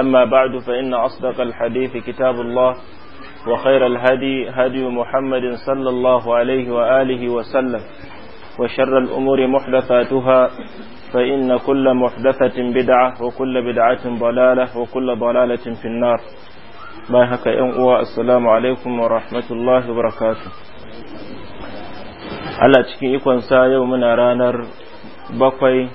أما بعد فإن أصدق الحديث كتاب الله وخير الهدي هدي محمد صلى الله عليه وآله وسلم وشر الأمور محدثاتها فإن كل محدثة بدعة وكل بدعة ضلالة وكل ضلالة في النار ما هكا ينقوى السلام عليكم ورحمة الله وبركاته Allah cikin ikonsa yau muna ranar bakwai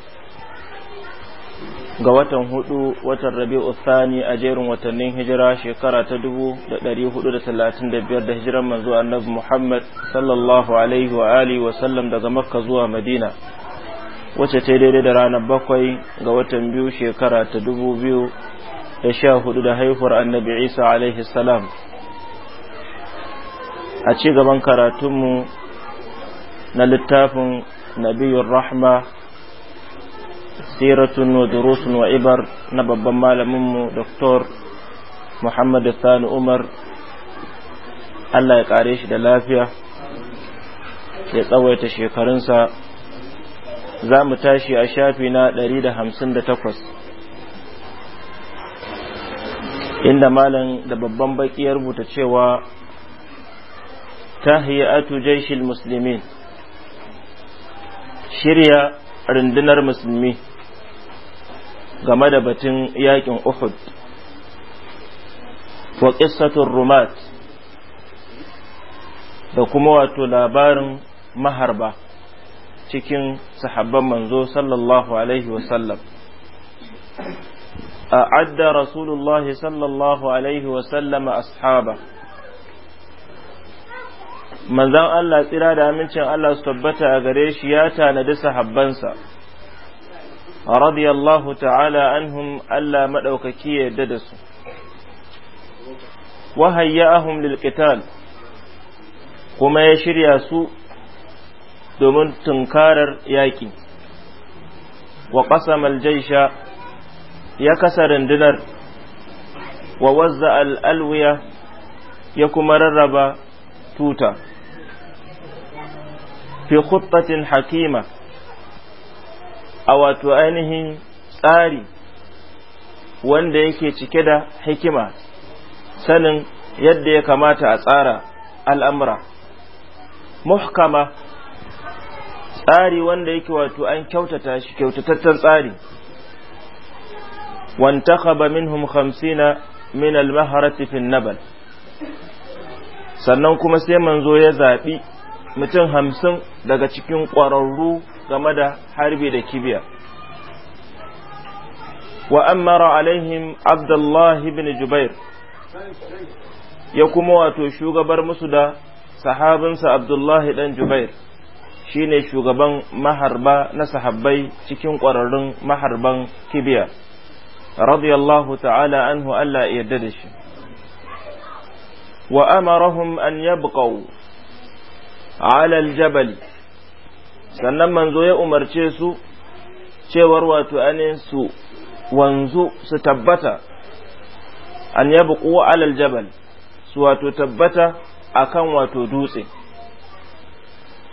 ga watan hudu watan rabi'u sani a jerin watannin hijira shekara ta dubu da dari hudu da talatin da biyar da hijiran manzo annabi muhammad sallallahu alaihi wa alihi wa sallam daga makka zuwa madina wacce ta daidai da ranar bakwai ga watan biyu shekara ta dubu biyu da sha hudu da haihuwar annabi isa alaihi salam a ci gaban karatunmu na littafin nabiyun rahma siratun wa durusun wa ibar na babban malamin mu Dr. Muhammad Sani Umar Allah ya kare shi da lafiya ya tsawaita shekarunsa za mu tashi a shafi na 158 inda malam da babban baki ya rubuta cewa tahiyatu jaishil muslimin shirya rundunar musulmi game da batun yakin Uhud wa qissatul rumat da kuma wato labarin maharba cikin sahabban manzo sallallahu alaihi wasallam a رسول rasulullahi sallallahu alaihi عليه وسلم أصحابه manzan Allah tsira da amincin Allah su tabbata a gare shi ya tanadi sahabbansa radiyallahu ta'ala anhum Allah maɗaukaki ya yarda da su wahayya'ahum lil kuma ya shirya su domin tunkarar yaƙi wa qasama al ya kasa rundunar wa wazza al-alwiya ya kuma rarraba tuta fi khuttatin hakima a wato ainihin tsari wanda yake cike da hikima sanin yadda ya kamata a tsara al'amura muhkama tsari wanda yake wato an kyautata shi kyautatattan tsari wantakaba minhum hamsina min al-maharati nabal sannan kuma sai manzo ya zaɓi mutum hamsin daga cikin ƙwararru game da harbi da kibiya wa ammara alaihim abdullahi bin jubair ya kuma wato shugabar musu da sahabinsa abdullahi dan jubair shine shugaban maharba na sahabbai cikin ƙwararrun maharban kibiya radiyallahu ta'ala anhu Allah ya yarda da shi wa amarahum an yabqaw alal jabali sannan manzo ya umarce su cewar wato anin su wanzu su tabbata an yabi kuwa alal jabal su wato tabbata akan wato dutse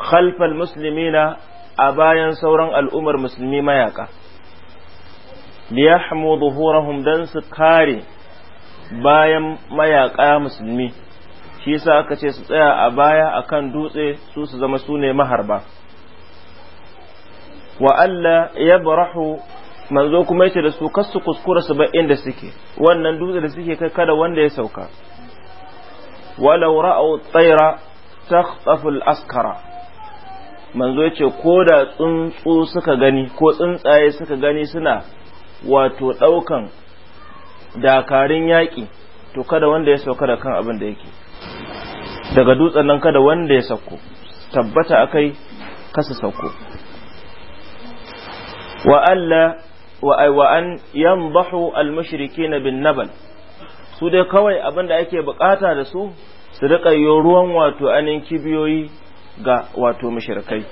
khalfal muslimina a bayan sauran al'ummar musulmi mayaka liyahmu zuhurahum don su kare bayan mayaka musulmi shi yasa aka ce su tsaya a baya akan dutse su su zama sune ne maharba wa alla yabrahu manzo kuma yace da su kasu kuskura su ba inda suke wannan dutse da suke kai kada wanda ya sauka walau Ra'u tsaira takhtafu al-askara manzo yace ko da tsuntsu suka gani ko tsuntsaye suka gani suna wato daukan dakarin yaƙi to kada wanda ya sauka da kan abin da yake daga dutsen nan kada wanda ya sauko tabbata akai kasa sauko wa alla wa an yanbahu al bin nabal su dai kawai abin da ake bukata da su su riƙa yi ruwan wato anin kibiyoyi ga wato mushrikai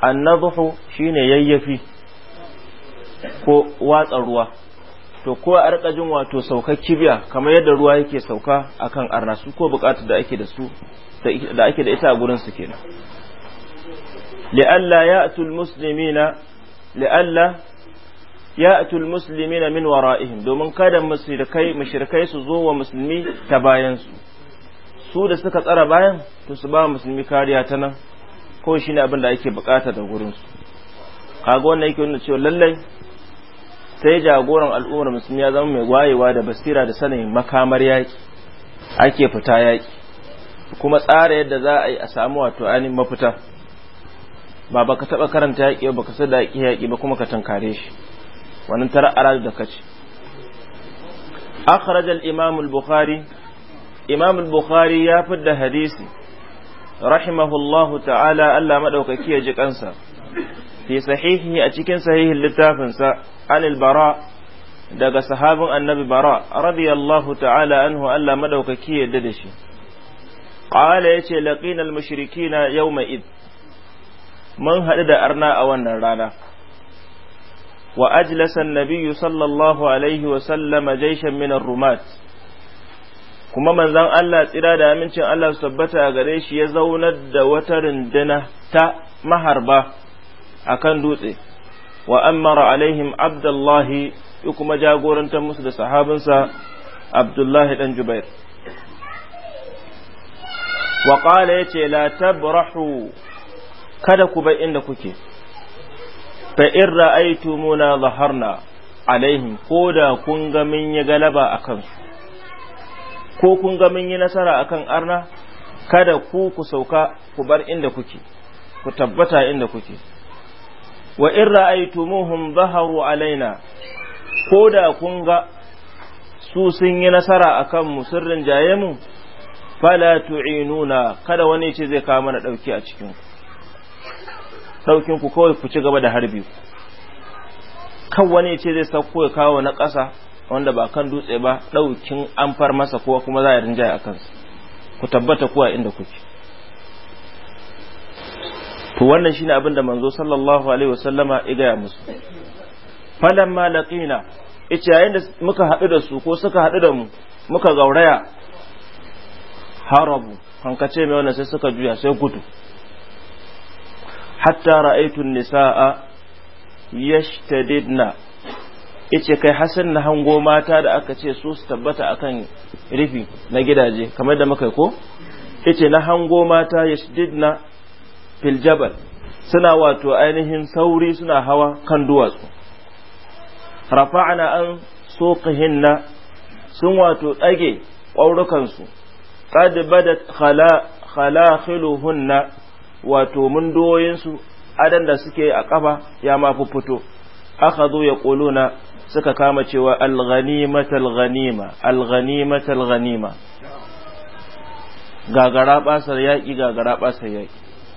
annadhu shine yayyafi ko watsa ruwa to ko a rika jin wato saukar kibiya kamar yadda ruwa yake sauka akan arna su ko bukatar da ake da su da ake da ita a gurin su kenan li'alla ya'tul muslimina li'alla ya'tul muslimina min wara'ihim domin kada mushrikai mushrikai su zo wa musulmi ta bayan su su da suka tsara bayan to su ba musulmi kariya ta nan ko shine abin da ake bukata da gurin su kaga wannan yake nuna cewa lallai sai jagoran al'ummar musulmi ya zama mai wayewa da basira da sanin makamar yaki ake fita yaki kuma tsara yadda za a yi a samu wato ainihin mafita ba baka taba karanta yaki ba ka sada yaki yaki ba kuma ka tankare shi wannan tara'ara da kace akhraj al-imam al-bukhari imam al-bukhari ya fidda hadisi rahimahullahu ta'ala Allah madaukaki ya ji kansa fi sahihi a cikin sahihin littafinsa anil bara daga sahabin annabi bara radiyallahu ta'ala anhu Allah madaukaki yadda da shi qala yace laqina al mushrikina yawma id mun haɗu da arna a wannan rana wa ajlasa nabiyyu sallallahu alaihi wa sallama jayshan min ar-rumat kuma manzon Allah tsira da amincin Allah su tabbata a gare shi ya zaunar da wata runduna ta maharba akan dutse wa amara alaihim abdullahi ya kuma jagorantar musu da sahabinsa abdullahi dan jubair wa qala yace la tabrahu kada ku bai inda kuke fa in ra'aytumuna zaharna alaihim ko da kun ga mun yi galaba a kansu ko kun ga mun yi nasara akan arna kada ku ku sauka ku bar inda kuke ku tabbata inda kuke wa in ra'aytumuhum zaharu alaina ko da kun ga su sun yi nasara akan mu sirrin jaye mu fala tu'inuna kada wani ce zai kawo mana dauki a cikin saukin ku kawai ku ci gaba da harbi ku kan wani ce zai sauko ya kawo na ƙasa wanda ba kan dutse ba daukin an far masa kowa kuma za a rinjaye a kansu ku tabbata kuwa inda kuke to wannan shine abin da manzo sallallahu alaihi wasallama ya gaya musu falamma laqina ita yayin da muka haɗu da su ko suka haɗu da mu muka gauraya harabu hankace mai wannan sai suka juya sai gudu hatta ra'aytu nisa'a yashtadidna ice kai hasan na hango mata da aka ce su su tabbata akan rufi na gidaje kamar da muka ko ice na hango mata yashtadidna fil suna wato ainihin sauri suna hawa kan duwatsu rafa'ana an na sun wato ɗage ƙwaurukansu qad badat na wato mundoyinsu adan da suke a ƙafa ya ma fito aka zo ya ƙuluna suka kama cewa alghanimata alghanima alghanimata ghanima gagara basar yaƙi gagara basar yaƙi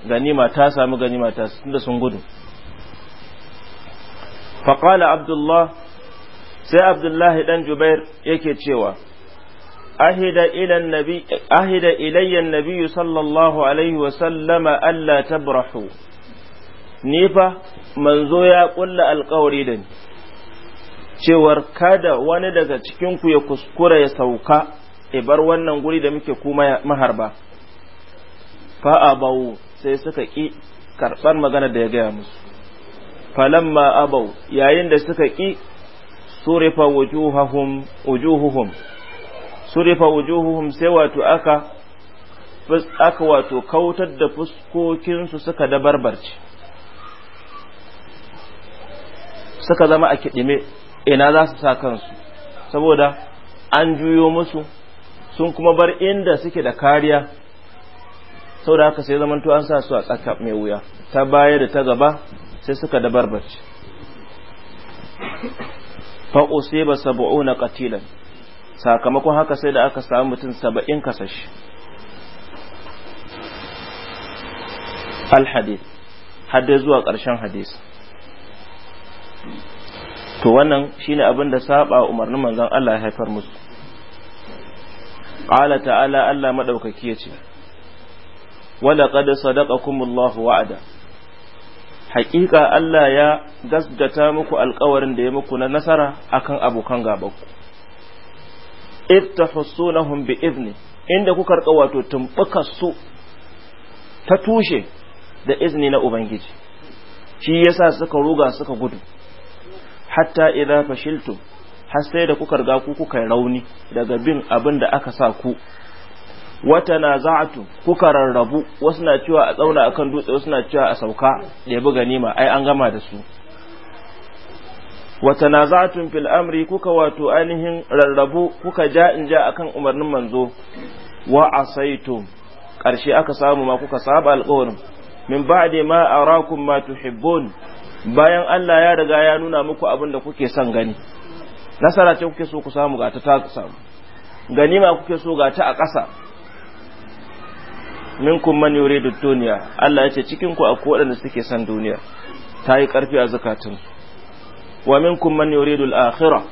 ganima ta samu ganima ta tunda sun gudu faƙala abdullah sai abdullahi dan jubair yake cewa ahida ilayyan nabiyu sallallahu alaihi wasallama alla tabrahu ni fa manzo ya ƙulla alkawari da ni cewar kada wani daga cikinku ya kuskura ya sauka ya bar wannan guri da muke kuma maharba fa sai suka ƙi karɓar magana da ya gaya musu falamma abau yayin da suka ƙi surifa wujuhuhum surifa wujuhuhum sai wato aka aka wato kautar da fuskokinsu suka dabarbarce suka zama a kiɗime ina za su sa kansu saboda an juyo musu sun kuma bar inda suke da kariya sau da haka sai zaman an sa su a tsaka mai wuya ta baya da ta gaba sai suka da fa'usai ba saba'o na katilan sakamakon haka sai da aka samu mutum saba'in kasashe alhadis hadda zuwa ƙarshen hadis to wannan shine abin da saba umarnin manzon Allah ya haifar musu qala ta'ala Allah madaukaki ce. ولقد صدقكم الله wa'ada حقيقة Allah ya gasgata muku alƙawarin da ya muku na nasara akan abokan gabanku id tahussunahum bi idni inda kuka rika wato tumbuka su ta tushe da izini na ubangiji shi yasa suka ruga suka gudu hatta idza fashiltum har da kuka riga ku kuka rauni daga bin abin da aka sa ku wata na za'atu kuka rarrabu wasu na cewa a tsauna akan dutse wasu na cewa a sauka buga ganima ai an gama da su wata na za'atun fil amri kuka wato ainihin rarrabu kuka ja in ja akan umarnin manzo wa asaitu ƙarshe aka samu ma kuka saba alƙawarin min ba'de ma arakum ma tuhibbun bayan Allah ya riga ya nuna muku abin da kuke son gani nasara ce kuke so ku samu ga ta samu ganima kuke so ga ta a ƙasa minkum man yuridu dunya Allah ya ce cikin ku akwai waɗanda suke son duniya ta yi ƙarfi a zakatun wa minkum man yuridu al-akhirah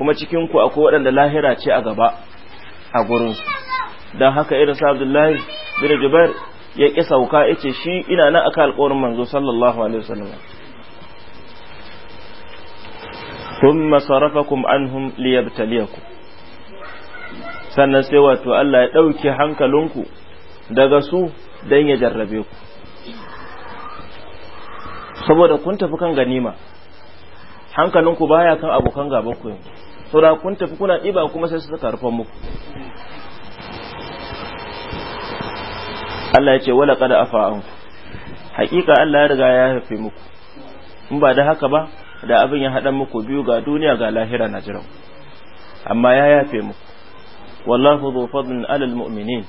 kuma cikin ku akwai waɗanda lahira ce a gaba a gurin su dan haka irin sa Abdullahi bin Jubair ya ki sauka yace shi ina nan aka alƙawarin manzo sallallahu alaihi wasallam thumma sarafakum anhum liyabtaliyakum sannan sai wato Allah ya dauke hankalinku daga su don ya jarrabe ku saboda kun tafi kan ganima hankalinku baya kan abokan gaban ku saboda kun tafi kuna ɗiba kuma sai su rufon muku Allah ya ce wala kada a an hakika Allah ya riga ya haife muku in ba da haka ba da abin ya haɗa muku biyu ga duniya ga lahira na jiran amma ya yafe muku wallahu dhu alal mu'minin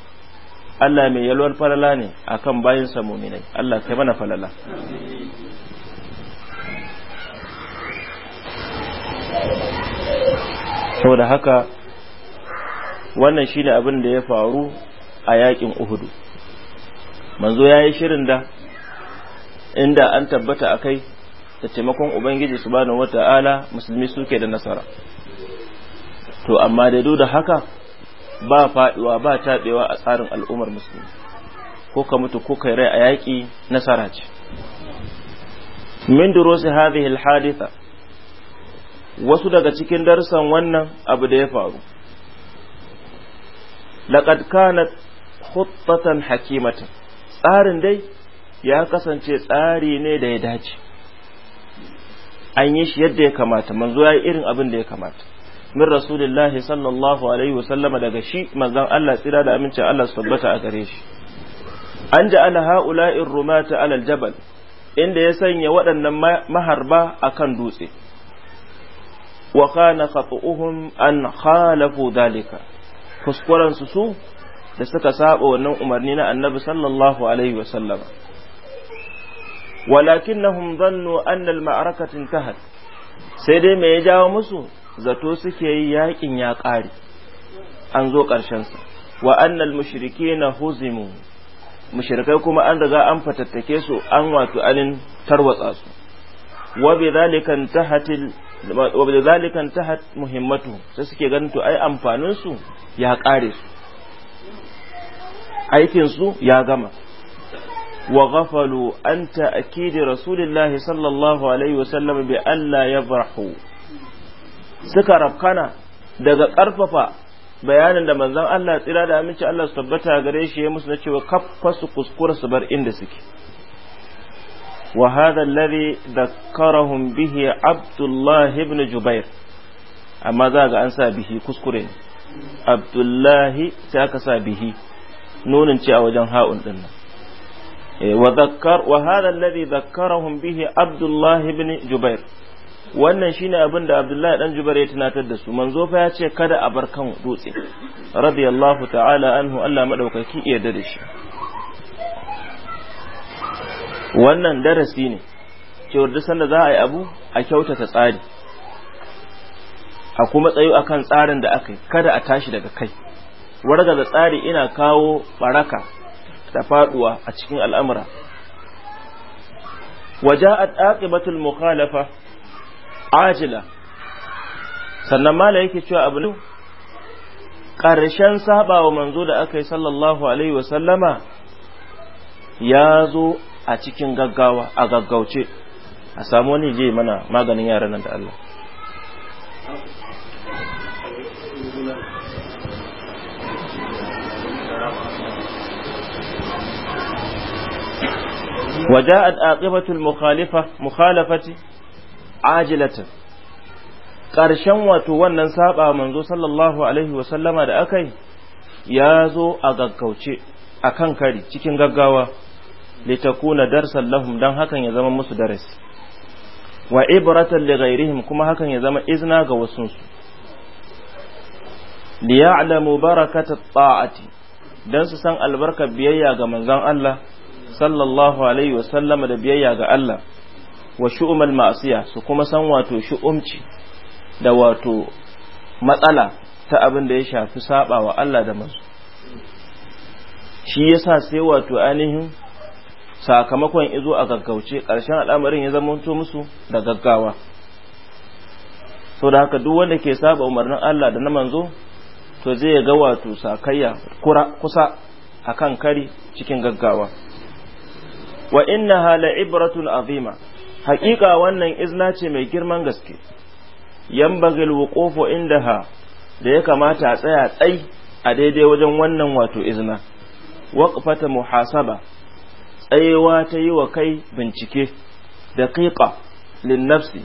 Allah mai yalwar falala ne akan bayin sa mu'minai Allah kai mana falala saboda haka wannan shi ne abin da ya faru a yakin Uhudu. manzo ya yi shirin da inda an tabbata a kai. da taimakon Ubangiji su subhanahu wata'ala musulmi suke da nasara to amma da da haka ba faduwa ba taɓewa a tsarin al'ummar musulmi ko ka mutu ko kai rai a yaƙi nasara ce min durusi hadhihi alhaditha wasu daga cikin darsan wannan abu da ya faru laqad kanat khuttatan hakimatan tsarin dai ya kasance tsari ne da ya dace an yi shi yadda ya kamata manzo ya yi irin abin da ya kamata min rasulillahi sallallahu alaihi wasallama daga shi manzon Allah tsira da aminci Allah su a gare shi an ja'ala ha'ula'in rumata alal jabal inda ya sanya waɗannan maharba a kan dutse wa kana khatu'uhum an khalafu dalika kuskuren su da suka saba wannan umarni na annabi sallallahu alaihi wa sallama walakinnahum dhannu anna al-ma'rakata intahat sai dai me ya jawo musu zato suke yi yakin ya ƙare an zo ƙarshensa wa annal mushriki na huzimu mushrikai kuma an riga an fatattake su an wato anin tarwatsa su wa bi zalikan tahat muhimmatu sai suke ganin to ai amfanin su ya ƙare su aikin su ya gama wa ghafalu an ta'kidi rasulillahi sallallahu alaihi sallam bi alla yabrahu suka rafkana daga ƙarfafa bayanin da manzon Allah tsira da aminci Allah su tabbata gare shi ya musu na cewa kaffa su kuskura su bar inda suke wa hadha alladhi dhakkarahum bihi Abdullah ibn Jubair amma za ga an sa bihi kuskure ne Abdullah sai aka sa bihi nunin ce a wajen ha'un din nan eh, wa dhakkar wa hadha alladhi dhakkarahum bihi Abdullah ibn Jubair wannan shine abin da Abdullahi dan Jubair ya tunatar da su manzo fa ya ce kada a bar kan dutse radiyallahu ta'ala anhu Allah madaukaki yarda da shi wannan darasi ne cewar duk sanda za a yi abu a kyautata tsari a kuma tsayo akan tsarin da aka yi kada a tashi daga kai da tsari ina kawo baraka da faduwa a cikin al'amura waja'at aqibatul mukhalafa ajila sannan mala yake cewa abu ne ƙarshen saba wa manzo da aka yi sallallahu alaihi wasallama ya zo a cikin gaggawa a gaggauce a samu wani je mana maganin yaran nan da Allah وجاءت عاقبة المخالفة مخالفة ajilatin ƙarshen wato wannan saba manzo sallallahu alaihi wasallama da aka yi ya zo a gaggauce a kan kari cikin gaggawa litakuna darsan lahum don hakan ya zama musu darasi wa ibratan li ghairihim kuma hakan ya zama izna ga wasunsu li ya'lamu barakata ta'ati dan su san albarkar biyayya ga manzon Allah sallallahu alaihi wasallama da biyayya ga Allah wa shu'umal ma'asiya su kuma san wato shu'umci da wato matsala ta abin da ya shafi saba wa Allah da manzo shi yasa sai wato ainihin sakamakon izo a gaggauce ƙarshen al'amarin ya zamanto musu da gaggawa to da haka duk wanda ke saba umarnin Allah da na manzo to zai ga wato sakayya kura kusa akan kari cikin gaggawa wa innaha la ibratun azima haƙiƙa wannan izna ce mai girman gaske yan bagil wuqofu indaha da ya kamata a tsaya tsai a daidai wajen wannan wato izna waqfata muhasaba tsayewa ta yi wa kai bincike daqiqa lin nafsi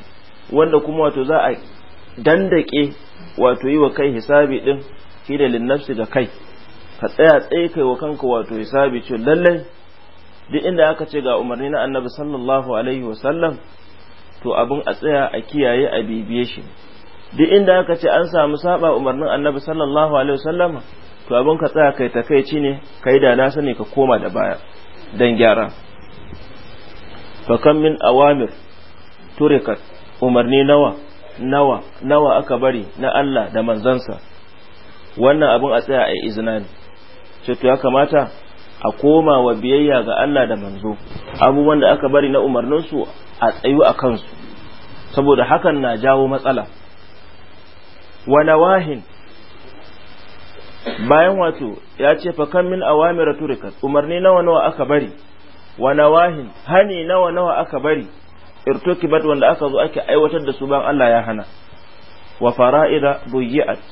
wanda kuma wato za a dandake wato yi wa kai hisabi din shi da lin nafsi ga kai ka tsaya tsaye kai wa kanka wato hisabi ce lallai duk inda aka ce ga umarni na annabi sallallahu alaihi wasallam to abin a tsaya a kiyaye a bibiye shi duk inda aka ce an samu saba umarnin annabi sallallahu alaihi wasallam to abin ka tsaya kai takaici ne kai da na sani ka koma da baya dan gyara fa kam min awamir turikat umarni nawa nawa nawa aka bari na Allah da manzansa wannan abin a tsaya a izina ne ce to ya kamata a koma wa biyayya ga Allah da manzo abubuwan da aka bari na umarninsu a tsayu a kansu saboda hakan na jawo matsala Wani wahin bayan wato ya ce fa kan min awamira turikat umarni nawa nawa aka bari wa nawahin hani nawa nawa aka bari irtoki bat wanda aka zo ake aiwatar da su ban Allah ya hana wa fara'ida buyi'at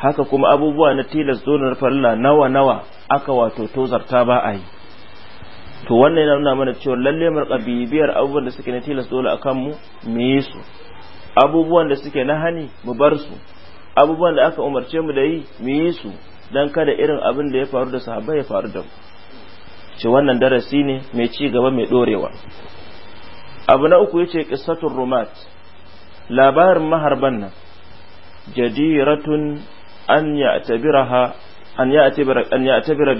haka kuma abubuwa na tilas dole na farilla nawa nawa aka wato tozarta ba a yi to wannan yana nuna mana cewa lalle marka biyar abubuwan da suke na tilas dole a mu mu yi su abubuwan da suke na hani mu bar su abubuwan da aka umarce mu da yi mu yi su dan kada irin abin da ya faru da sahabbai ya faru da mu ce wannan darasi ne mai ci gaba mai dorewa abu na uku yace qissatul rumat labarin maharban nan jadiratun an ya'tabiraha an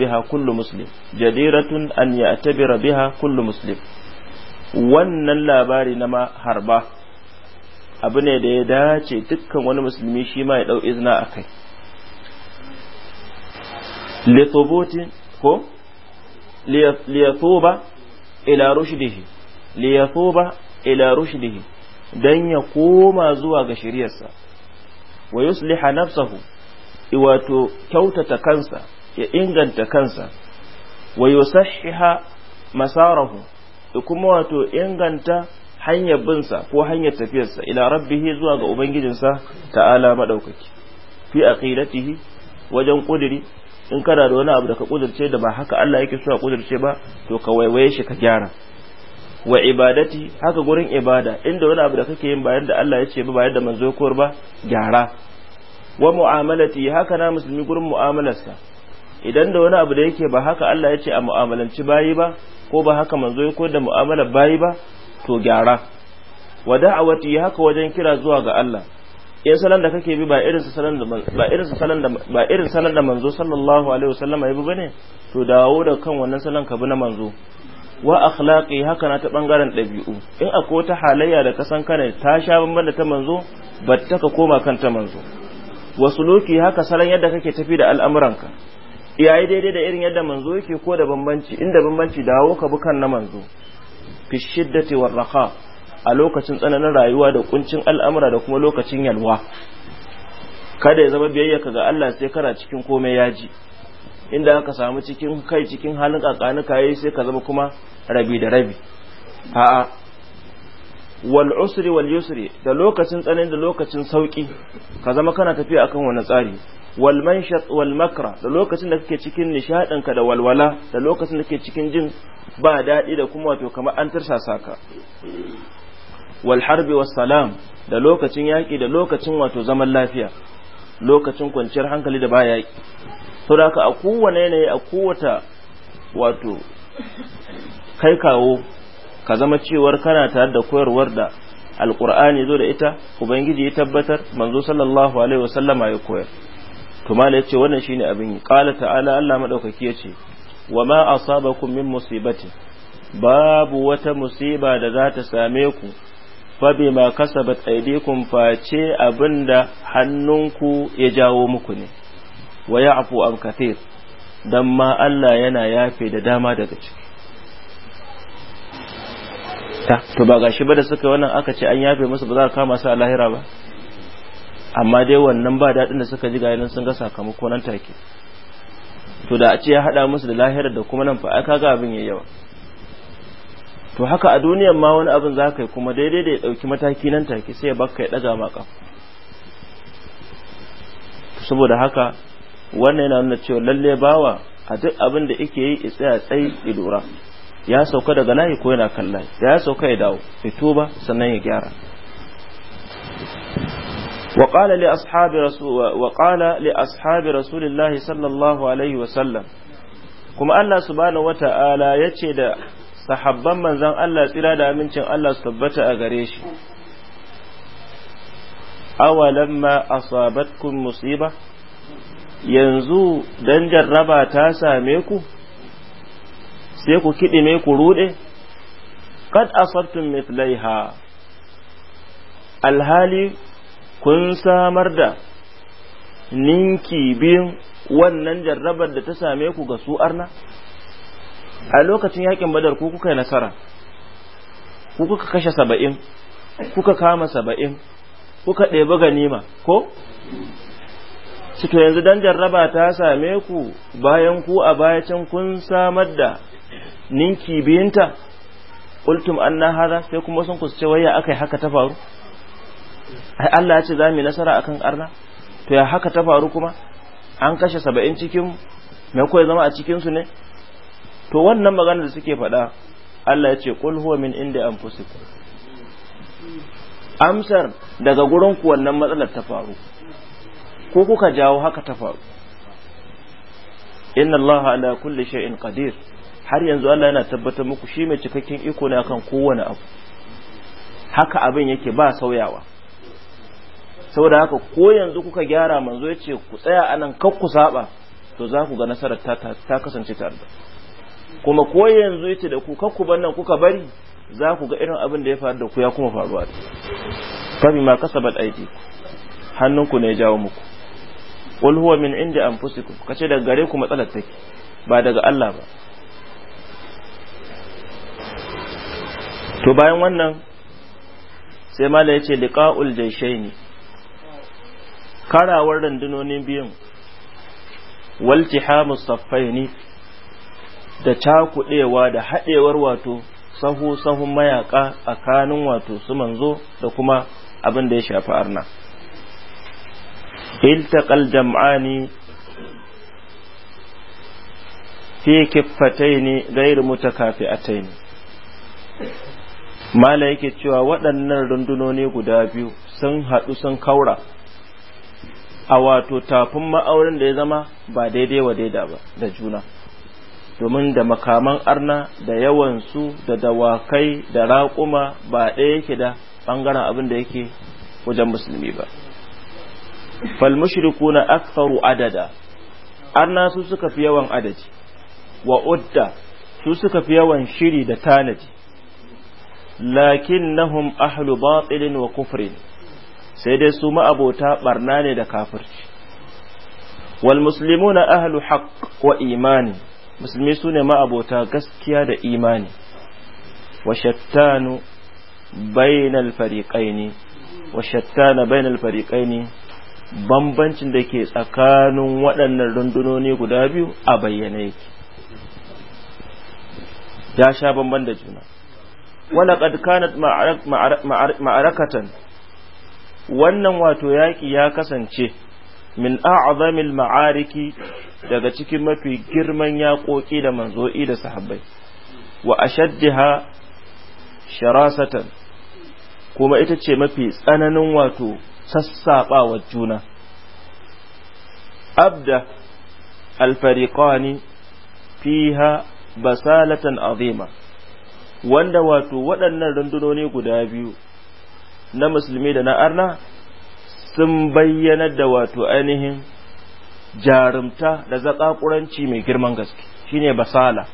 biha kullu muslim jadiratun an biha wannan labari na harba abu ne da ya dace dukkan wani musulmi shi ma ya dau izina akai lithubuti ko liyathuba ila rushdihi liyathuba ila rushdihi dan ya koma zuwa ga shiryarsa wa yusliha nafsahu wato kyautata kansa ya inganta kansa wa yusahhiha masarahu kuma wato inganta hanyar binsa ko hanyar tafiyarsa ila rabbihi zuwa ga ubangijin sa ta'ala madaukaki fi aqidatihi wajen kudiri in kana da wani abu da ka kudirce da ba haka Allah yake so a kudirce ba to ka waiwaye shi ka gyara wa ibadati haka gurin ibada inda wani abu da kake yin bayan da Allah ya ce ba bayan da manzo ba gyara wa mu'amalati haka na musulmi gurin mu'amalarsa idan da wani abu da yake ba haka Allah ya ce a mu'amalanci bayi ba ko ba haka manzo ya koyar da mu'amala bayi ba to gyara wa da'awati haka wajen kira zuwa ga Allah in eh, salan da kake bi ba irin salan da ba irin salan da ba irin salan da manzo sallallahu alaihi wasallam ya bi bane to dawo da kan wannan salon ka bi na manzo wa akhlaqi haka na ta bangaren dabi'u in akwai wata halayya da ka san kana ta sha bamban ta manzo ba ka koma kan ta manzo wasu loki haka salon yadda kake tafi da al'amuranka yi daidai da irin yadda manzo yake ko da bambanci inda bambanci dawo ka bukan na manzo fi shiddati war raha a lokacin tsananin rayuwa da kuncin al'amura da kuma lokacin yalwa kada ya zama biyayya ka ga Allah sai kana cikin komai yaji inda aka samu cikin kai cikin halin kakanuka yayi sai ka zama kuma rabi da rabi a'a wal usri da lokacin tsanani da lokacin sauki ka zama kana tafiya akan wani tsari wal manshat da lokacin da kake cikin nishadin ka da walwala da lokacin da kake cikin jin ba daɗi da kuma wato kamar an tirsasa ka wal harbi was salam da lokacin yaki da lokacin wato zaman lafiya lokacin kwanciyar hankali da baya yaki to da ka a kowane yanayi a kowata wato kai kawo ka zama cewar kana tare da koyarwar da alqur'ani zo da ita ubangiji ya tabbatar manzo sallallahu alaihi wasallama ya koyar to mala yace wannan shine abin yi qala ta'ala Allah madaukaki yace wa ma asabakum min musibati babu wata musiba da za ta same ku fabima kasabat aydikum face abinda hannunku ya jawo muku ne wa ya'fu an kathir dan ma Allah yana yafe da dama daga ciki ta to ba gashi ba da suka wannan aka ce an yafe musu ba za ka kama su a lahira ba amma dai wannan ba daɗin da suka ji ga nan sun ga sakamako nan take to da a ce ya haɗa musu da lahirar da kuma nan fa aka ga abin yayi yawa to haka a duniyar ma wani abin za ka yi kuma daidai da ya ɗauki mataki nan take sai ya baka ya ɗaga maka saboda haka wannan yana nuna cewa lalle bawa a duk abin da yake yi ya tsaya tsayi ya lura ya sauka daga layi ko yana kan layi da ya sauka ya dawo fito ba sannan ya gyara وقال لأصحاب رسول وقال لأصحاب رسول الله صلى الله عليه وسلم كما الله سبحانه وتعالى يتشي da. sahabban manzan Allah tsira da amincin Allah su tabbata a gare shi awalamma asabatkum musiba yanzu dan jarraba ta same ku sai ku kiɗime ku ruɗe kad asabtum mithlaiha alhali kun samar da ninki biyun wannan jarrabar da ta same ku ga su arna a lokacin yakin badar ku kuka nasara ku kuka kashe saba'in kuka kama saba'in kuka ɗebi ganima ko to yanzu dan jarraba ta same ku bayan ku a bayacin kun samar da ninki biyinta qultum anna hada sai kuma sun kusa cewa ya akai haka ta faru ai Allah ya ce za mu nasara akan arna to ya haka ta faru kuma an kashe saba'in cikin me kawai zama a cikinsu ne to wannan magana da suke faɗa Allah ya ce qul huwa min inda anfusikum amsar daga gurinku wannan matsalar ta faru ko kuka jawo haka ta faru inna allaha ala kulli shay'in qadir har yanzu Allah yana tabbatar muku shi mai cikakken iko ne akan kowane abu haka abin yake ba sauyawa saboda haka ko yanzu kuka gyara manzo yace ku tsaya anan kar ku saba to za ku ga nasarar ta kasance ta da kuma ko yanzu yace da ku kar ku bar nan kuka bari za ku ga irin abin da ya faru da ku ya kuma faruwa fa ma kasabat hannun hannunku ne ya jawo muku wal huwa min inda anfusikum kace daga gare ku matsalar take ba daga Allah ba to bayan wannan sai mala ya ce liqa'ul jaishaini karawar rundunonin biyun waltihamu saffaini da cakuɗewa da haɗewar wato sahu sahun mayaka tsakanin wato su manzo da kuma abin da ya shafi arna iltaqal jam'ani fi kiffataini ghairu mutakafi'ataini mala yake cewa waɗannan rundunoni guda biyu sun haɗu sun kaura a wato tafin ma'aurin da ya zama ba daidai wa daida ba da juna domin da makaman arna da yawansu da dawakai da raƙuma ba ɗaya yake da ɓangaren abin da yake wajen musulmi ba falmushiriku na aksaru adada arna su suka fi yawan adadi wa su suka fi yawan shiri da tanaji Lakin nahum ahlu batilin wa kufrin sai dai su ma'abota barna ne da kafirci wal muslimuna ahlu haqq wa imani musulmi su ne ma'abota gaskiya da imani wa shattanu bainal fariqaini wa shattana bainal fariqaini bambancin da ke tsakanin waɗannan rundunoni guda biyu a bayyane yake ya sha bamban da juna walaƙad kanat ma'arakatan wannan wato yaƙi ya kasance min a'zamil ma'ariki daga cikin mafi girman yaƙoƙi da manzo'i da sahabbai wa ashaddiha sharasatan kuma ita ce mafi tsananin wato wa juna abda alfarikani fiha basalatan azima wanda wato waɗannan rundunoni guda biyu na musulmi da na arna sun bayyana da wato ainihin jarumta da zaƙaƙuranci mai girman gaske shine basala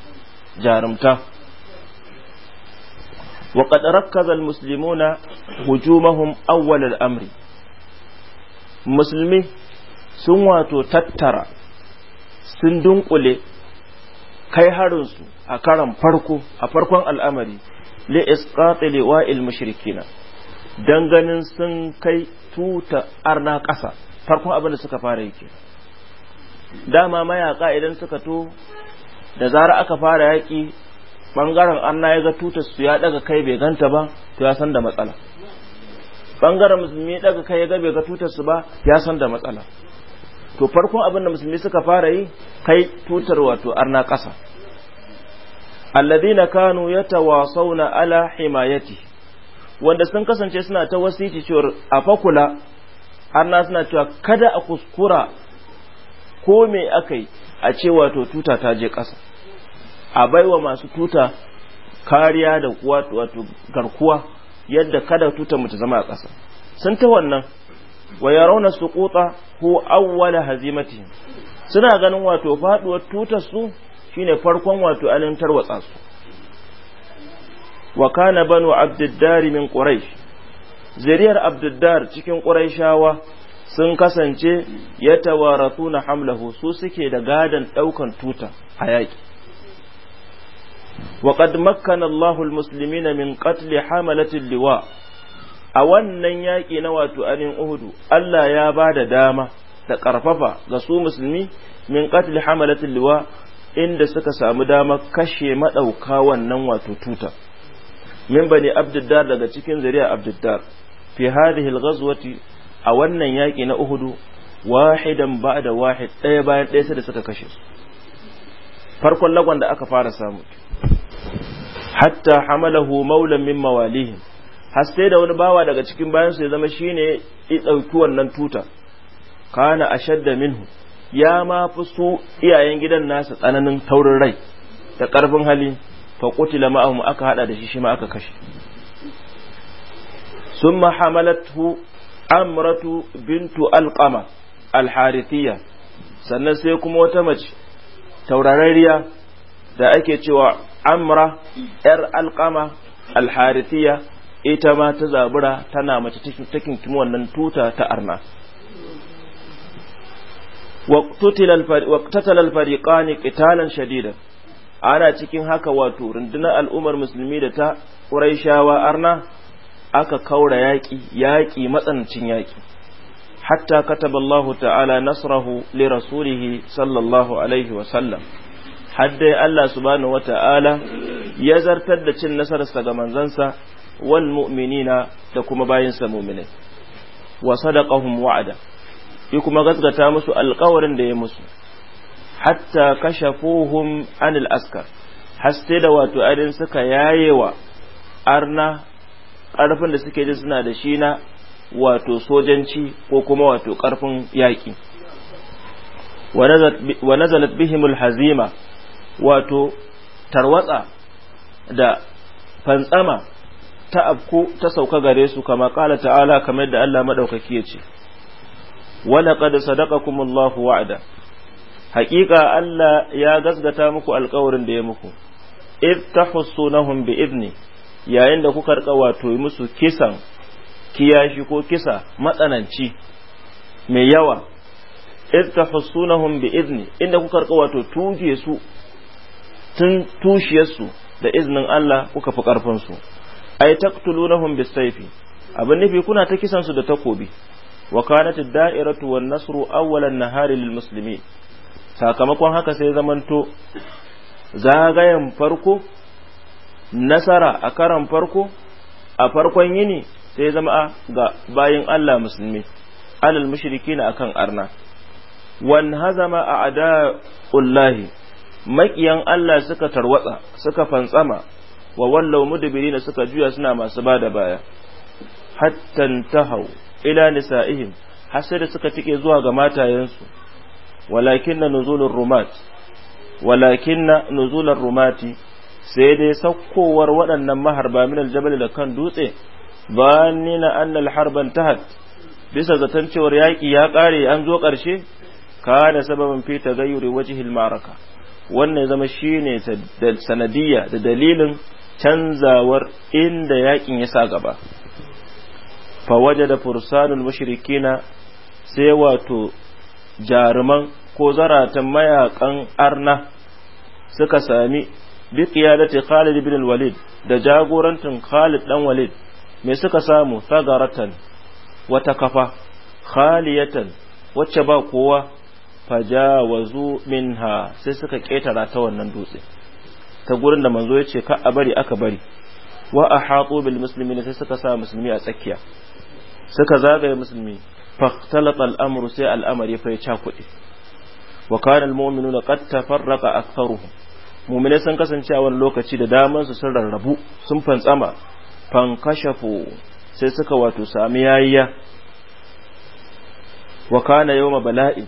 jarumta وقد ركز musulmuna هجومهم awwalar amri. musulmi sun wato tattara sun dunkule kai harinsu a karan farko a farkon al'amari li isqati liwa'il mushrikina dan ganin sun kai tuta arna ƙasa farkon abin da suka fara yake dama mayaka idan suka to da zara aka fara yaƙi bangaren arna ya ga tutarsu su ya daga kai bai ganta ba to ya san da matsala bangaren musulmi ya daga kai ya ga bai ga tutarsu ba ya san da matsala to farkon abin da musulmi suka fara yi kai tutar wato arna ƙasa alladhina kanu yatawasawna ala himayati wanda sun kasance suna ta wasiti cewa a fakula arna suna cewa kada a kuskura ko me akai a ce wato tuta ta je ƙasa a baiwa masu tuta kariya da wato garkuwa yadda kada tuta mu ta zama a ƙasa sun ta wannan wa yarawna suquta hu awwal hazimati suna ganin wato faduwar tutar su shine farkon wato alin tarwatsa su wa kana banu abduddar min quraish zariyar abduddar cikin quraishawa sun kasance ya na hamlahu su suke da gadan daukan tuta a yaki وقد مكن الله muslimina min qatl حملة liwa' a wannan yaƙi na wato anin uhudu Allah ya ba da dama da ƙarfafa ga su musulmi min qatl hamalatul liwa inda suka samu dama kashe madauka wannan wato tuta min bani abdiddar daga cikin zuriya abdiddar fi hadhihi alghazwati a wannan yaƙi na uhudu wahidan ba'da wahid ɗaya bayan ɗaya sai da suka kashe farkon lagon da aka fara samu hatta hamalahu maulan min mawalihim haske da wani bawa daga cikin bayan bayansu ya zama shine i ɗauki wannan tuta kana ashadda minhu ya ma fi su iyayen gidan nasa tsananin taurin rai da ƙarfin hali fa ma ma'ahum aka hada da shi shi ma aka kashe sun hamalathu amratu bintu alqama alharithiyya sannan sai kuma wata mace taurarariya da ake cewa amra yar alqama alharithiyya ita ma ta zabura tana mace ta kinkimi wannan tuta ta arna waqtatal al-fariqani qitalan shadidan ana cikin haka wato rundunar al'ummar musulmi da ta quraishawa arna aka kaura yaki yaki matsanancin yaki hatta kataballahu ta'ala nasrahu li rasulih sallallahu alaihi wa sallam har dai Allah subhanahu ta'ala ya zartar da cin nasararsa ga manzansa wal mu'minina da kuma bayinsa mu'minai wa sadaqahum wa'ada yi kuma gaskata musu alƙawarin da ya musu hatta kashafuhum anil askar haste da wato adin suka yayewa arna ƙarfin da suke jin suna da shi na wato sojanci ko kuma wato ƙarfin yaƙi wa nazalat bihimul hazima wato tarwatsa da fantsama ta afku ta sauka gare su kama kala ta'ala kamar da Allah madaukaki ya ce wa laqad sadaqakum Allahu wa'ada haƙiƙa Allah ya gasgata muku alƙawarin da ya muku if tahussunahum bi idni yayin da kuka rika wato musu kisan kiyashi ko kisa matsananci mai yawa if tahussunahum bi idni inda kuka rika wato tuje su tun tushiyar su da iznin Allah kuka fi karfin su ay taqtulunahum bisayfi abin nufi kuna ta kisan su da takobi wa kanat ad-da'iratu wan nasru awwalan nahari lil muslimin sakamakon haka sai zamanto zagayen farko nasara a karan farko a farkon yini sai zama ga bayin Allah musulmi alal mushrikina akan arna wan hazama a'da'ullahi makiyan Allah suka tarwatsa suka fantsama wa wallau mudbirina suka juya suna masu ba da baya ta hau ila nisa'ihim har sai da suka tike zuwa ga matayensu walakinna nuzulur rumat rumati sai dai saukowar waɗannan maharba min aljabal da kan dutse ba nina annal harban tahat bisa zaton cewar yaƙi ya ƙare an zo ƙarshe kana sababin fi tagayyuri wajhil ma'araka wannan zama shine sanadiyya da dalilin canzawar inda yakin ya sa gaba fa da fursanul mushrikina sai wato jaruman ko zaratan mayakan arna suka sami bi qiyadati Khalid ibn al-Walid da jagorantin Khalid dan Walid me suka samu sagaratan wata kafa khaliyatan wacce ba kowa fajawazu minha sai suka ketara ta wannan dutse ta gurin da manzo ya ce ka a bari aka bari wa a haƙo bil musulmi sai suka sa musulmi a tsakiya suka zagaye musulmi fahtalata al'amuru sai al'amari fa ya cakuɗe wa kanal mu'minu na qad tafarraqa aktharuhum muminai sun kasance a wani lokaci da daman su sun rarrabu sun fantsama fankashafu sai suka wato sami yayya. wa kana yawma bala'i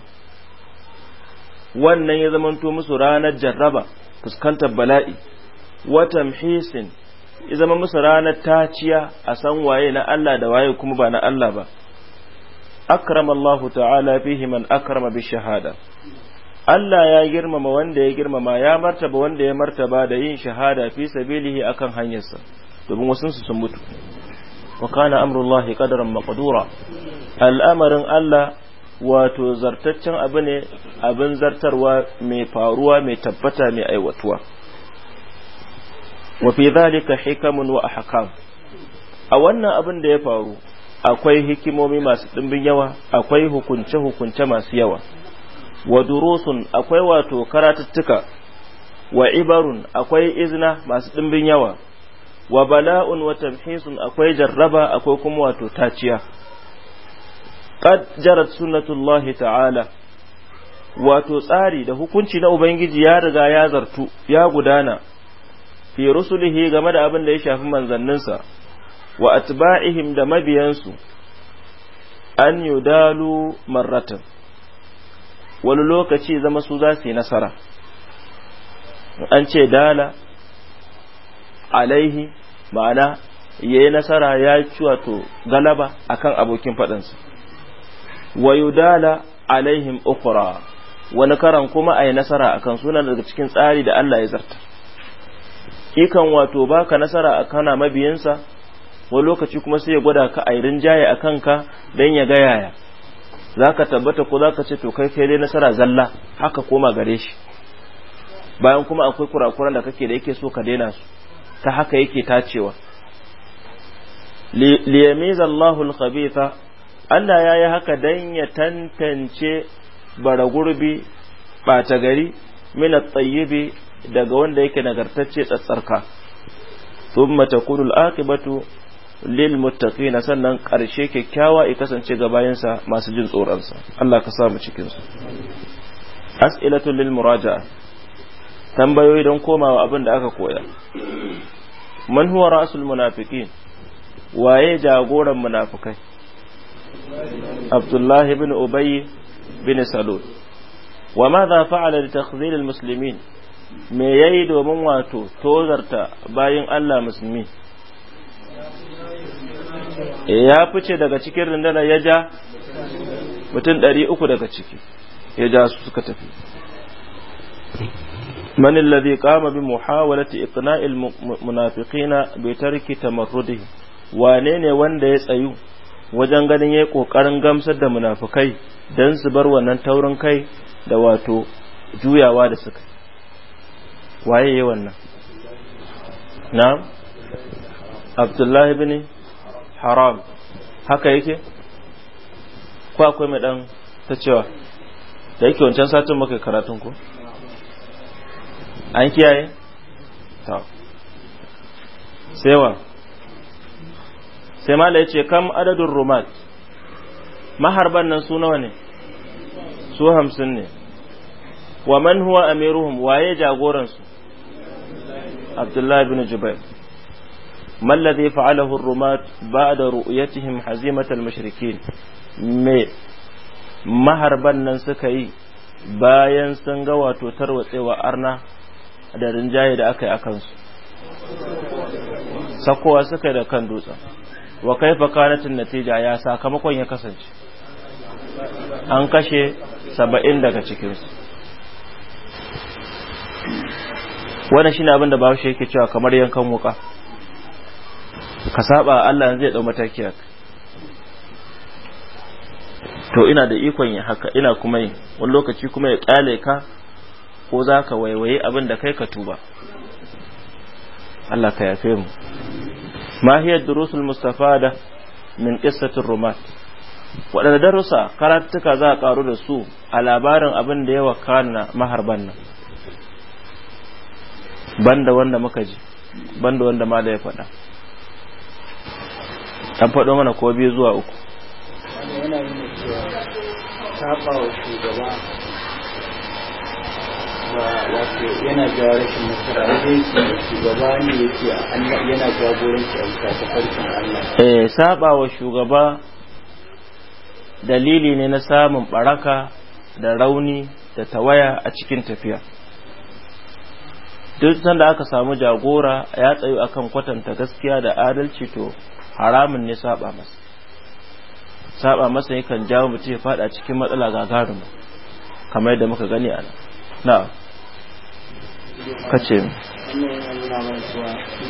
wannan ya zamanto musu ranar jarraba fuskantar bala'i watan hisin ya zama musu ranar taciya a san waye na Allah da waye kuma ba na Allah ba akramallahu ta'ala fihi man akrama bi shahada Allah ya girmama wanda ya girmama ya martaba wanda ya martaba da yin shahada fi sabilihi akan hanyarsa domin wasu su sun mutu wa kana amrullahi qadaran maqdura al'amarin Allah wato zartaccen abu ne abin zartarwa mai faruwa mai tabbata mai aiwatuwa wa fi zalika hikamun wa ahkam a wannan abin da ya faru akwai hikimomi masu ɗimbin yawa akwai hukunce-hukunce masu yawa wa durusun akwai wato karatuttuka wa ibarun akwai izna masu ɗimbin yawa wa bala'un wa tamhisun akwai jarraba akwai kuma wato taciya qad jarat sunnatullahi ta'ala wato tsari da hukunci na ubangiji ya riga ya zartu ya gudana fi rusulihi game da abin da ya shafi manzanninsa wa atba'ihim da mabiyansu an yudalu marratan wani lokaci zama su za su yi nasara an ce dala alaihi ma'ana ya yi nasara ya ci wato galaba akan abokin faɗansu. wa yudala alaihim ukhra wani karan kuma yi nasara akan suna daga cikin tsari da Allah ya zarta ikan wato baka nasara akana mabiyansa wani lokaci kuma sai ya gwada ka ai rinjaye akan ka dan ya ga yaya zaka tabbata ko zaka ce to kai kai dai nasara zalla haka koma gare shi bayan kuma akwai kurakuran da kake da yake so ka daina su ta haka yake tacewa liyamiza Allahul khabitha Allah ya yi haka don ya tantance bara gurbi ɓata gari mina tsayyibi daga wanda yake nagartacce tsatsarka sun mata kudul akibatu lil na sannan ƙarshe kyakkyawa ya kasance ga bayansa masu jin tsoronsa Allah ka samu cikinsu as'ilatul lil muraja tambayoyi don komawa abin da aka koya man huwa ra'sul munafiqin waye jagoran munafikai abdullahi bin بن bin بن wa maza فعل لتخذيل المسلمين ما me yayi domin wato tozarta bayan Allah musulmi eh, ya fice daga cikin rundunar ya ja mutum ɗari uku daga ciki ya ja su suka tafi من iqna'il munafiqina bi tarki المنافقين wane ne wanda ya tsayu. wajen ganin yi kokarin gamsar da munafikai dan su bar wannan taurin kai da wato juyawa da suka waye yi wannan na Abdullahi bin Haram haka yake ko akwai mai dan ta cewa da yake wancan satin muka karatun ku an kiyaye ta sewa sai mala ce kam adadin rumat maharban nan su nawa ne su hamsin ne wa man huwa amiruhum waye jagoransu abdullahi bin jubair fa'alahu ar-rumat ba'da ru'yatihim رؤيتهم al المشركين me maharban nan suka yi bayan sun ga wato tarwatsewa arna da rinjaye da aka yi a kansu sakowa suka da kan dutsen wa kaifa kanatin natija ya sakamakon ya kasance an kashe saba'in daga cikinsu wannan shine abin da shi yake cewa kamar yankan wuka ka saba Allah zai dau mataki haka to ina da ikon ya haka ina kuma yi wani lokaci kuma ya kyale ka ko za ka waiwaye abin da kai ka tuba Allah ka yafe mu ma hiya durusul mustafada min qissatir rumat waɗanda darussa karatuka za a karu da su a labarin abin da ya wakana maharban nan banda wanda muka ji banda wanda ma ya faɗa an faɗo mana ko biyu zuwa uku saba wa shugaba wato yana jawo rashin nasara ce shugaba ne yana jagoranci a Allah eh saba wa shugaba dalili ne na samun baraka da rauni da tawaya a cikin tafiya duk sanda aka samu jagora ya tsayu akan kwatanta gaskiya da adalci to haramun ne saba masa saba masa yakan jawo mutum ya fada cikin matsala gagaruma kamar yadda muka gani a nan na'am ka ce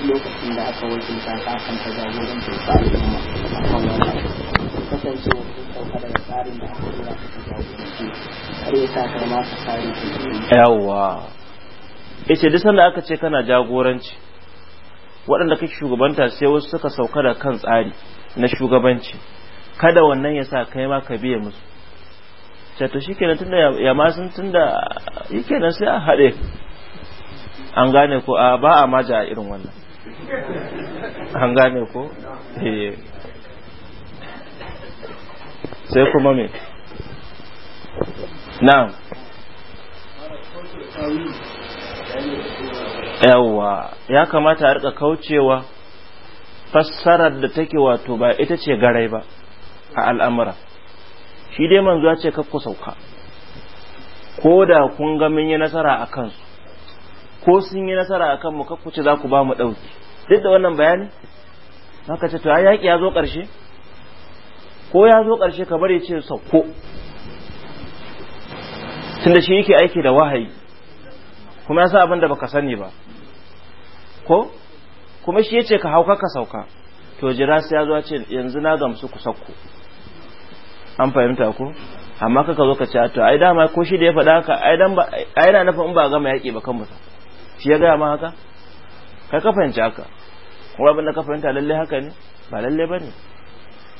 lokacin da aka ita duk sanda aka ce kana jagoranci waɗanda kake shugabanta sai wasu suka sauka da kan tsari na shugabanci kada wannan ya sa kai ma ka biye musu ce to kenan tunda ya sun tunda shikenan sai a haɗe an gane ko a ba a maja a irin wannan an gane ko eh. sai kuma me na yawa ya kamata a rika kaucewa fassarar da take wato ba ita ce garai ba a al'amura shi dai manzo ce ce kakku sauka ko da kun ga mun yi nasara a kansu ko sun yi nasara a kanmu kakkuce za ku ba mu ɗauki duk da wannan bayani haka ce to yaƙi ya zo ƙarshe ko ya zo ƙarshe ka bari ce sauko tunda shi yake aiki da wahayi kuma ya sa abin da baka sani ba ko kuma shi yace ka hauka ka sauka to jira sai ya zo ce yanzu na gamsu ku sauko an fahimta ko amma ka zo ka ce to ai dama ko shi da ya faɗa ka ai dan ba ai na nufin in ba gama yaƙi ba kan mutum shi ya gaya ma haka ka kafanci haka kuma abin da ka fahimta lalle haka ne ba lalle ba ne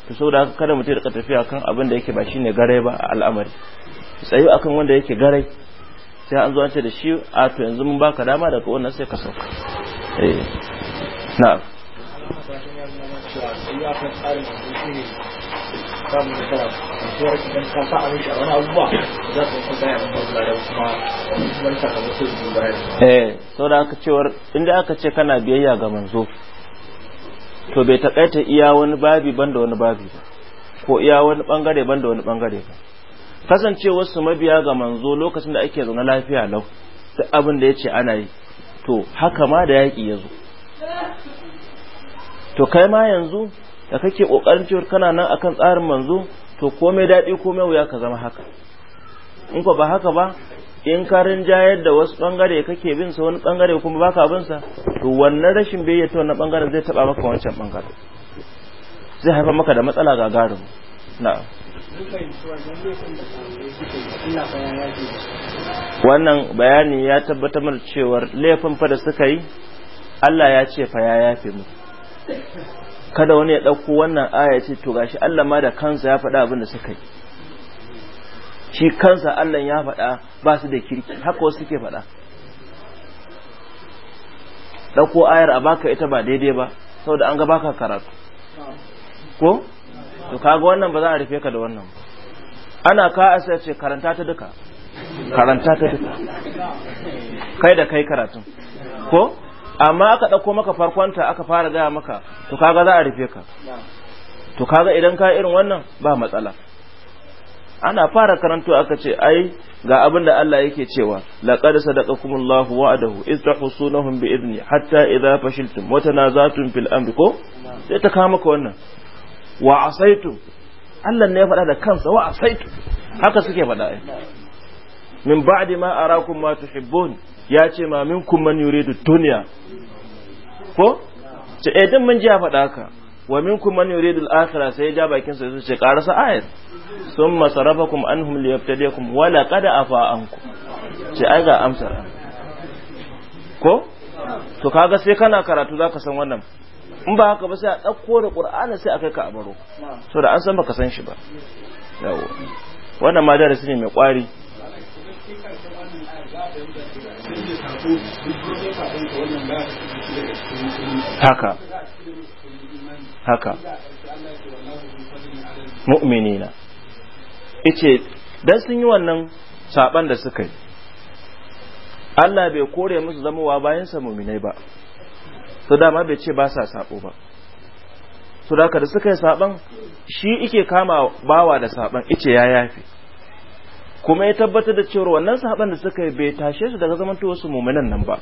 to saboda haka kada mutum da tafiya kan abin da yake ba shine garai ba a al'amari a kan wanda yake garai sai an zo an ce da shi a to yanzu mun baka dama daga wannan sai ka sauka eh na tsayo akan tsarin shi ne ko idan ka sa abin shi a wani abubuwa za su kuma gaya wani abubuwa da kuma wani sakamako su bayar eh saboda aka cewar inda aka ce kana biyayya ga manzo to bai takaita iya wani babi banda wani babi ba ko iya wani bangare banda wani bangare ba kasancewar su mabiya ga manzo lokacin da ake zaune lafiya lau duk abin da ya ce ana yi to haka ma da yaƙi ya zo to kai ma yanzu da kake ƙoƙarin cewar kana nan akan tsarin manzo to komai daɗi komai wuya ka zama haka in ba haka ba in ka rinjayar da wasu bangare kake bin sa wani bangare kuma baka bin sa to wannan rashin biyayya ta wannan ɓangare zai taba maka wancan bangare zai haifar maka da matsala ga gagarin na wannan bayani ya tabbatar mana cewar laifin fa da suka yi Allah ya ce fa ya yafe mu kada wani ya ɗauko wannan aya ce to gashi Allah ma da kansa ya faɗa abin da suka yi shi kansa Allah ya faɗa ba su da kirki haka wasu suke faɗa ɗauko ayar a baka ita ba daidai ba saboda an ga baka karatu ko to kaga wannan ba za a rufe ka da wannan ba ana ka asa ce karanta ta duka karanta ta duka kai da kai karatun ko amma aka ɗauko maka farkonta aka fara gaya maka to kaga za a rufe ka to kaga idan ka irin wannan ba matsala ana fara karanto aka ce ai ga abin da Allah yake cewa laqad sadaqakumullahu wa'adahu iz tahsunahum bi idni hatta idza fashiltum wa tanazatum fil amri ko sai ta kama ka wannan wa asaitum Allah ne ya faɗa da kansa wa asaitum haka suke faɗa min ba'di ma arakum ma tuhibbun ya ce ma minkum man da duniya ko ce eh din mun ji ya faɗa ka wa minkum man yuridu al-akhirah sai ya ja bakin sa sai ce karasa ayat thumma sarafakum anhum liyabtadiyakum wa laqad afa ankum ce ai ga amsar ko to kaga sai kana karatu zaka san wannan in ba haka ba sai a ɗauko da ƙur'ana sai a kai ka a baro so da an san baka san shi ba yawo wannan ma darasi ne mai ƙwari haka haka mu'minina ice dan sun yi wannan saban da suka yi Allah bai kore musu zamowa bayansa muminai ba to dama bai ce ba sa sabo ba to da suka yi saban shi ike kama bawa da saban ice ya yafi kuma ya tabbatar da cewa wannan sahaban da suka yi bai tashe su daga tuwa su muminan nan ba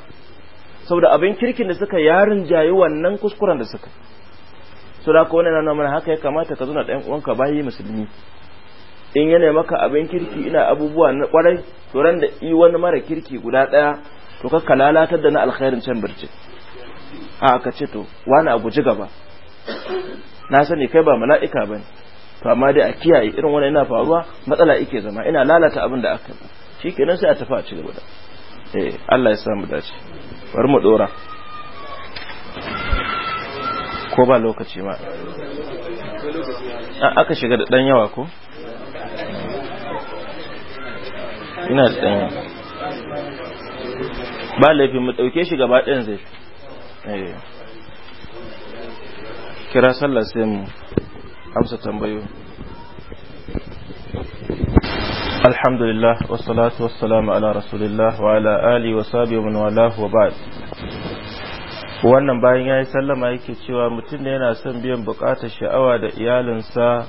saboda abin kirkin da suka yarin jayi wannan kuskuren da suka su da wani na mana haka ya kamata ka zuna ɗan uwanka bayi musulmi in yana maka abin kirki ina abubuwa na kwarai to ran da i wani mara kirki guda ɗaya to ka lalatar da na alkhairin can birce a aka ce to wani a guji gaba na sani kai ba mala'ika ne. to amma dai a kiyaye irin wannan yana faruwa matsala yake zama ina lalata abin da aka shi kenan sai a tafi a ci gaba da eh Allah ya samu dace bari mu dora ko ba lokaci ma aka shiga da dan yawa ko ina da dan yawa ba laifi mu dauke shi gaba ɗayan zai eh kira sallar sai mu amsa tambayo alhamdulillah wassalatu wassalamu ala rasulillah wa ala ali wa sahbihi wa walahu wa ba'd wannan bayan yayi sallama yake cewa mutum ne yana son biyan bukatar sha'awa da iyalinsa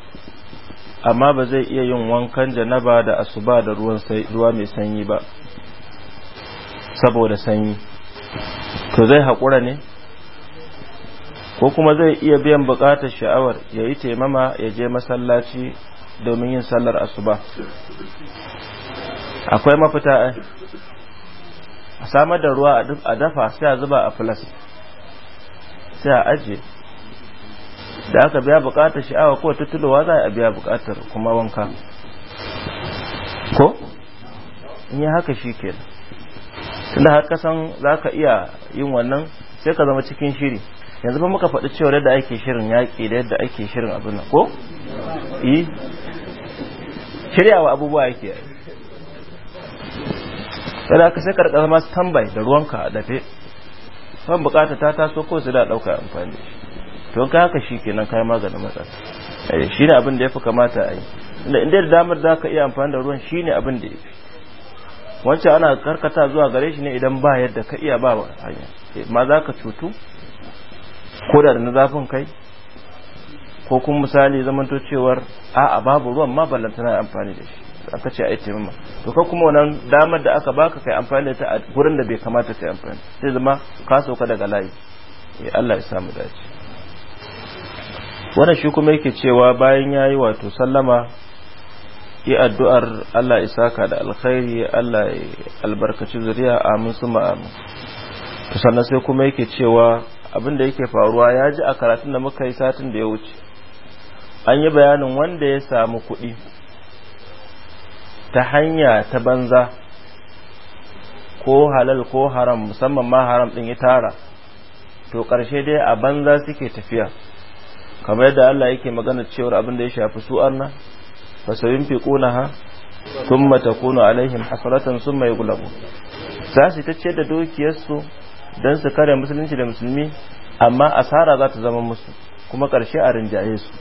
amma ba zai iya yin wankan janaba da asuba da ruwan ruwa mai sanyi ba saboda sanyi to zai haƙura ne ko kuma zai iya biyan buƙatar sha'awar ya yi taimama ya je masallaci domin yin sallar asuba akwai mafita a samar da ruwa a dafa sai a zuba a filas sai a ajiye da aka biya bukatar sha'awa ko tutulowa za a biya bukatar kuma wanka ko in yi haka shi ke tunda har kasan za ka iya yin wannan sai ka zama cikin shiri yanzu ba muka faɗi cewa yadda ake shirin yaƙi da yadda ake shirin abin nan ko? yi shiryawa abubuwa yake yi wadda ka sai karkar zama tambay da ruwanka a dafe ban bukata ta taso ko su da ɗauka amfani to ka haka shi kenan kayan maganin matsala eh, shi ne abin da ya fi kamata a yi inda da damar za ka iya amfani da ruwan shi ne abin da ya fi wancan ana karkata zuwa gare shi ne idan ba yadda ka iya ba hanya eh, ma za ka cutu ko da na zafin kai ko kun misali zamanto cewar a'a babu ruwan ma ballanta na amfani da shi aka ce a yi to ka kuma wannan damar da aka baka kai amfani da ta a gurin da bai kamata kai amfani sai zama ka sauka daga layi ya eh, Allah ya samu dace wannan shi kuma yake cewa bayan yayi wato sallama yi addu'ar Allah isaka da alkhairi Allah albarkaci zuriya amin suma amin sannan sai kuma yake cewa abin da yake faruwa ya ji a karatun da muka yi satin da ya wuce an yi bayanin wanda ya samu kuɗi ta hanya ta banza ko halal ko haram musamman ma haram ɗin ya tara to ƙarshe dai a banza suke tafiya kamar yadda Allah yake magana cewar abin da ya shafi su'ar arna fa sayun fi qunaha thumma takunu alaihim hasratan thumma yughlabu za su ta ce da dokiyarsu don su kare musulunci da musulmi amma asara za ta zama musu kuma ƙarshe a rinjaye su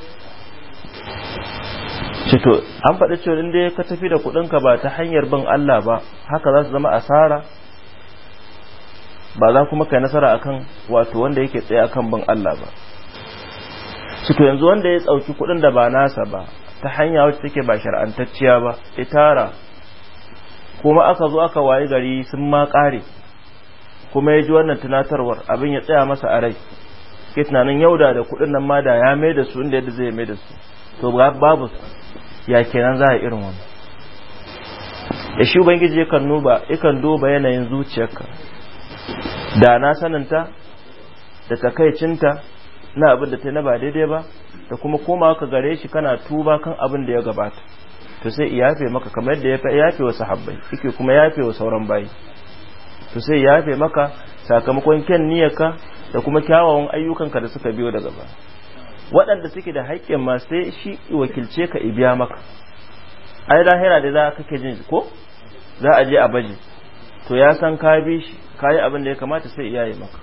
cito an faɗi cewa inda ka tafi da kuɗinka ba ta hanyar bin Allah ba haka za su zama asara ba za kuma kai nasara akan wato wanda yake tsaye akan bin Allah ba cito yanzu wanda ya tsauki kuɗin da ba nasa ba ta hanya wacce take ba shar'antacciya ba itara kuma aka zo aka wayi gari sun ma ƙare kuma ya ji wannan tunatarwar abin ya tsaya masa a rai ke tunanin yau da kuɗin nan ma da ya mai da su inda yadda zai mai da su to babu ya kenan za a irin wani. Ya shi ubangiji yakan ya kan duba yanayin zuciyarka da na saninta da takaicinta na abin da ta na ba daidai ba da kuma koma ka gare shi kana tuba kan abin da ya gabata to sai iyafe maka kamar yadda ya yafe wa sahabbai ike kuma yafe wa sauran bayi to sai ya yafe maka sakamakon kyan ka da kuma kyawawan ayyukanka da suka biyo daga ba waɗanda suke da haƙƙin ma sai shi wakilce ka ibiya maka ai lahira da za kake jin ko za a je a baji to ya san ka bi shi ka yi abin da ya kamata sai iyaye maka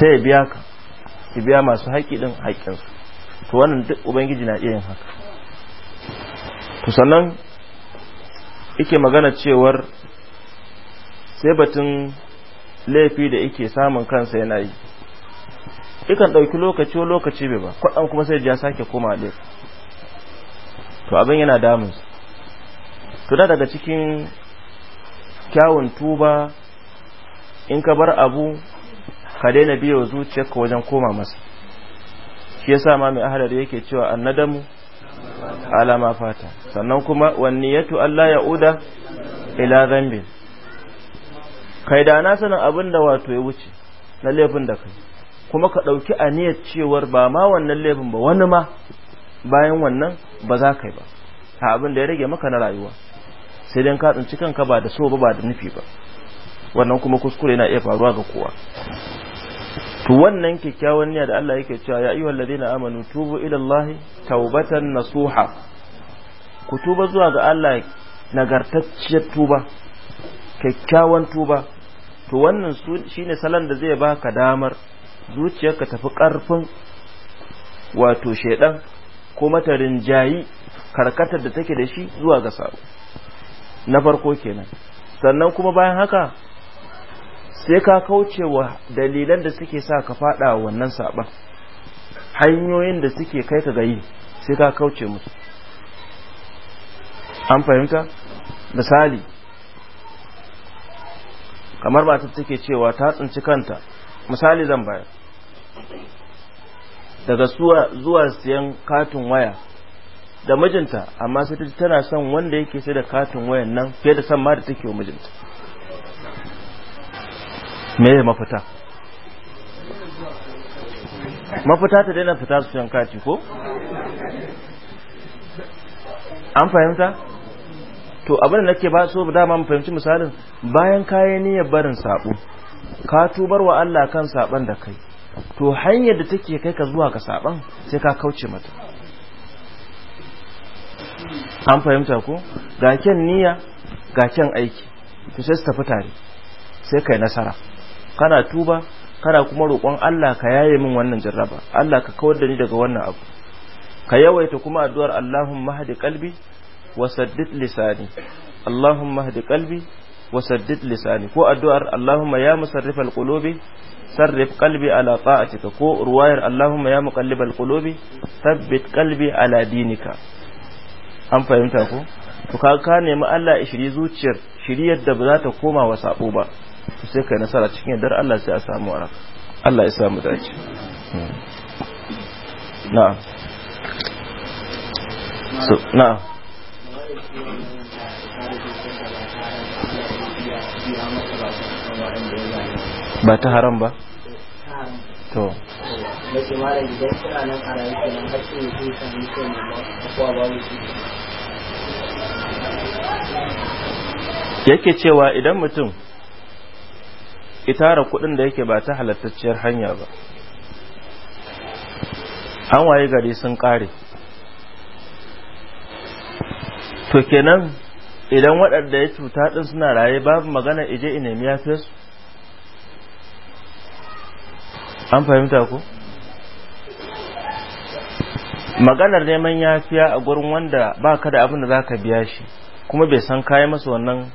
sai ya biya ka ya masu haƙƙi ɗin haƙƙinsu to wannan duk ubangiji na iya yin haka to sannan yake magana cewar sai batun laifi da yake samun kansa yana yi ikan ɗauki lokaci wa lokaci bai ba kwaɗan kuma sai ya sake koma ɗaya to abin yana damun su to da daga cikin kyawun tuba in ka bar abu ka daina biyo ka wajen koma masa shi yasa ma mai ahalar yake cewa annadamu alama fata sannan kuma wanniyatu Allah ya'uda ila dhanbi kai da na sanin abin da wato ya wuce na laifin da kai kuma ka ɗauki aniyar cewar ba ma wannan laifin ba wani ma bayan wannan ba za ka yi ba a abin da ya rage maka na rayuwa sai dai ka tsinci kanka ba da so ba ba da nufi ba wannan kuma kuskure na iya faruwa ga kowa to wannan kyakkyawan niyya da Allah yake cewa ya ayyuhal ladina amanu tubu ila Allah tawbatan nasuha ku tuba zuwa ga Allah nagartacciyar tuba kyakkyawan tuba to wannan shine salon da zai baka damar zuciyarka tafi karfin wato shedan ko ta rinjayi karkatar da take da shi zuwa ga sabo na farko kenan sannan kuma bayan haka sai ka kauce wa dalilan da suke sa ka fada wannan saban hanyoyin da suke kai ka gayi sai ka kauce musu an fahimta misali kamar ba ta take cewa ta tsinci kanta misali zan bayar daga zuwa siyan katin waya da mijinta amma sai tana son wanda yake sai da katin wayan nan fiye da san ma da take wa mijinta me ya mafita mafita ta daina fita su yan kati ko an fahimta to abin da nake ba so dama mu fahimci misalin bayan kayan niyyar barin sabo ka tubar wa Allah kan saban da kai to hanyar da take kai ka zuwa ga saban sai ka kauce mata an fahimta ko ga kyan niyya ga kyan aiki to sai su tafi tare sai kai nasara kana tuba kana kuma roƙon Allah ka yaye min wannan jarraba Allah ka kawar da ni daga wannan abu ka yawaita kuma addu'ar Allahumma hadi qalbi وسدد لساني اللهم اهد قلبي وسدد لساني كو ادوار اللهم يا مصرف القلوب صرف قلبي على طاعتك كو رواير اللهم يا مقلب القلوب ثبت قلبي على دينك ان fahimta ko to ka ka nemi Allah ya shiri zuciyar shiriyar da ba za ta koma wa sabo ba sai kai nasara cikin yardar Allah sai a samu waraka Allah ya samu dace na so na ba ta haram ba to yake cewa idan mutum itara kudin da yake ba ta halattacciyar hanya ba an waye gari sun kare to kenan idan waɗanda ya cuta ɗin suna raye babu magana ije inemi ya fiye su an fahimta ko maganar neman ya yafiya a gurin wanda ba ka da abin da za ka biya shi kuma bai san kayi masu wannan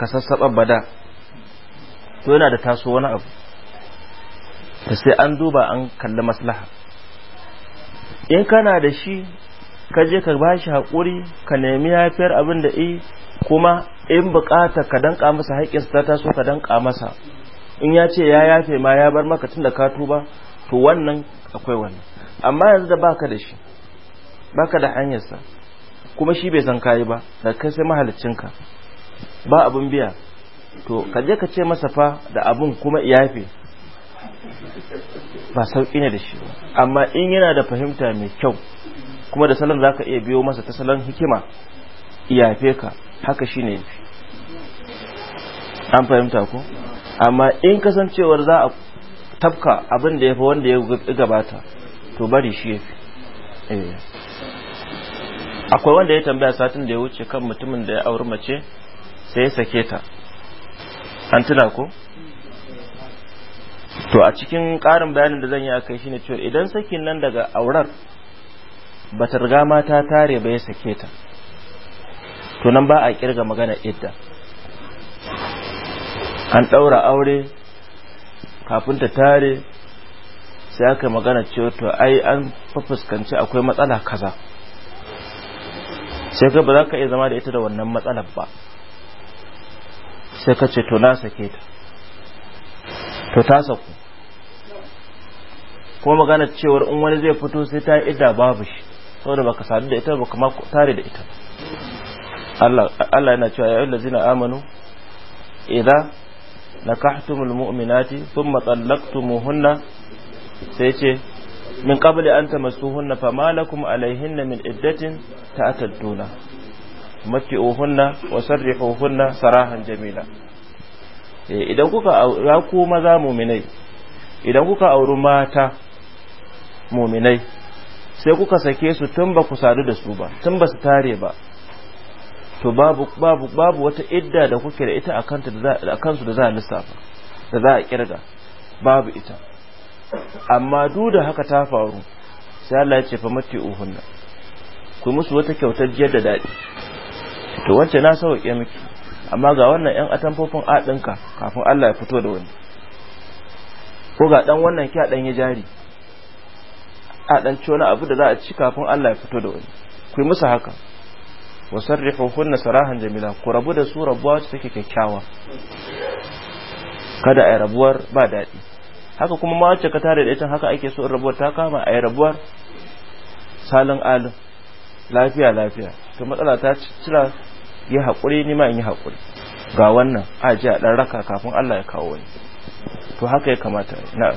ka ba bada to yana da taso wani abu da sai an duba an kalli maslaha in kana da shi ka je ka ba shi haƙuri ka nemi yafiyar abin da yi kuma in buƙata ka danƙa masa haƙƙinsa ta taso ka danƙa masa in ya ce ya yafe ma ya bar maka tun da ka tuba to wannan akwai wannan amma yanzu da baka da shi baka da hanyarsa kuma shi bai san kayi ba da kai sai mahaliccinka ba abin biya to ka je ka ce masa fa da abin kuma yafe ba sauƙi ne da shi amma in yana da fahimta mai kyau kuma da salon za ka iya biyo masa ta salon hikima iyafe ka haka shi ne an fahimta ko amma in kasancewar za a tafka abin da ya fi wanda ya gabata to bari shi ya fi eh. akwai wanda ya tambaya satin da ya wuce kan mutumin da ya auri mace sai ya sake ta an tuna ko to a cikin ƙarin bayanin da zan yi a kai shi ne cewa idan sakin nan daga aurar ba ta riga ma ta tare ba ya sake ta to nan ba a kirga magana idda an daura aure kafin ta tare sai aka magana cewa to ai an fuskanci akwai matsala kaza sai ka ba za ka iya zama da ita da wannan matsalar ba sai ka ce to na sake ta to ta saku kuma magana cewar in wani zai fito sai ta idda babu shi saboda baka sadu da ita baka ma tare da ita Allah yana cewa ya ayyuhallazina amanu idza nakahtumul mu'minati thumma tallaqtumuhunna sai ce min qabli an tamassuhunna fama lakum alaihinna min iddatin ta'tadduna mati'uhunna wa sarrihuhunna sarahan jamila eh, idan kuka aura ku maza mu'minai idan kuka auri mata mu'minai sai kuka sake su tun ba ku sadu da su ba tun ba su tare ba to babu babu babu wata idda da kuke da ita akan ta da kansu da za a lissafa da za a kirga babu ita amma duk da haka ta faru sai Allah ya ce fa mati uhunna ku musu wata kyautar jiyar da dadi to wacce na sauke miki amma ga wannan yan atamfofin a dinka kafin Allah ya fito da wani ko ga dan wannan kya dan ya jari a wani abu da za a ci kafin Allah ya fito da wani ku yi musu haka wasarrihu hunna sarahan jamila ku rabu da su rabuwa su take kyakkyawa kada a yi rabuwar ba daɗi haka kuma ma wacce ka tare da ita haka ake so in rabuwar ta kama a yi rabuwar salin alin lafiya lafiya to matsala ta cira yi haƙuri ma in yi haƙuri ga wannan a ji a ɗan raka kafin Allah ya kawo wani to haka ya kamata na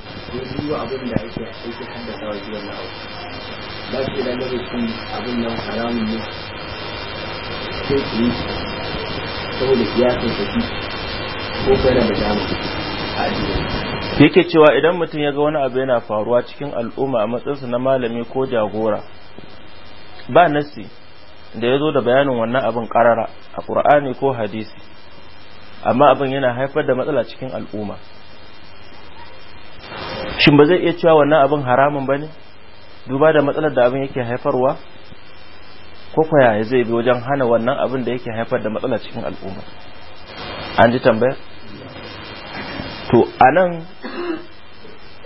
ya duba abin da yake yake haddasa wa shi wannan abu ba shi yi lalle cin abin nan haramun ne sai su yi saboda kiyasin tafi ko kai da bajama a addini yake cewa idan mutum ya ga wani abu yana faruwa cikin al'umma a matsayinsa na malami ko jagora ba nasi da ya zo da bayanin wannan abin karara a ƙur'ani ko hadisi amma abin yana haifar da matsala cikin al'umma shin ba zai iya cewa wannan abin haramun ba ne duba da matsalar da abin yake haifarwa ko kwaya zai bi wajen hana wannan abin da yake haifar da matsala cikin al'umma an ji tambayar to a nan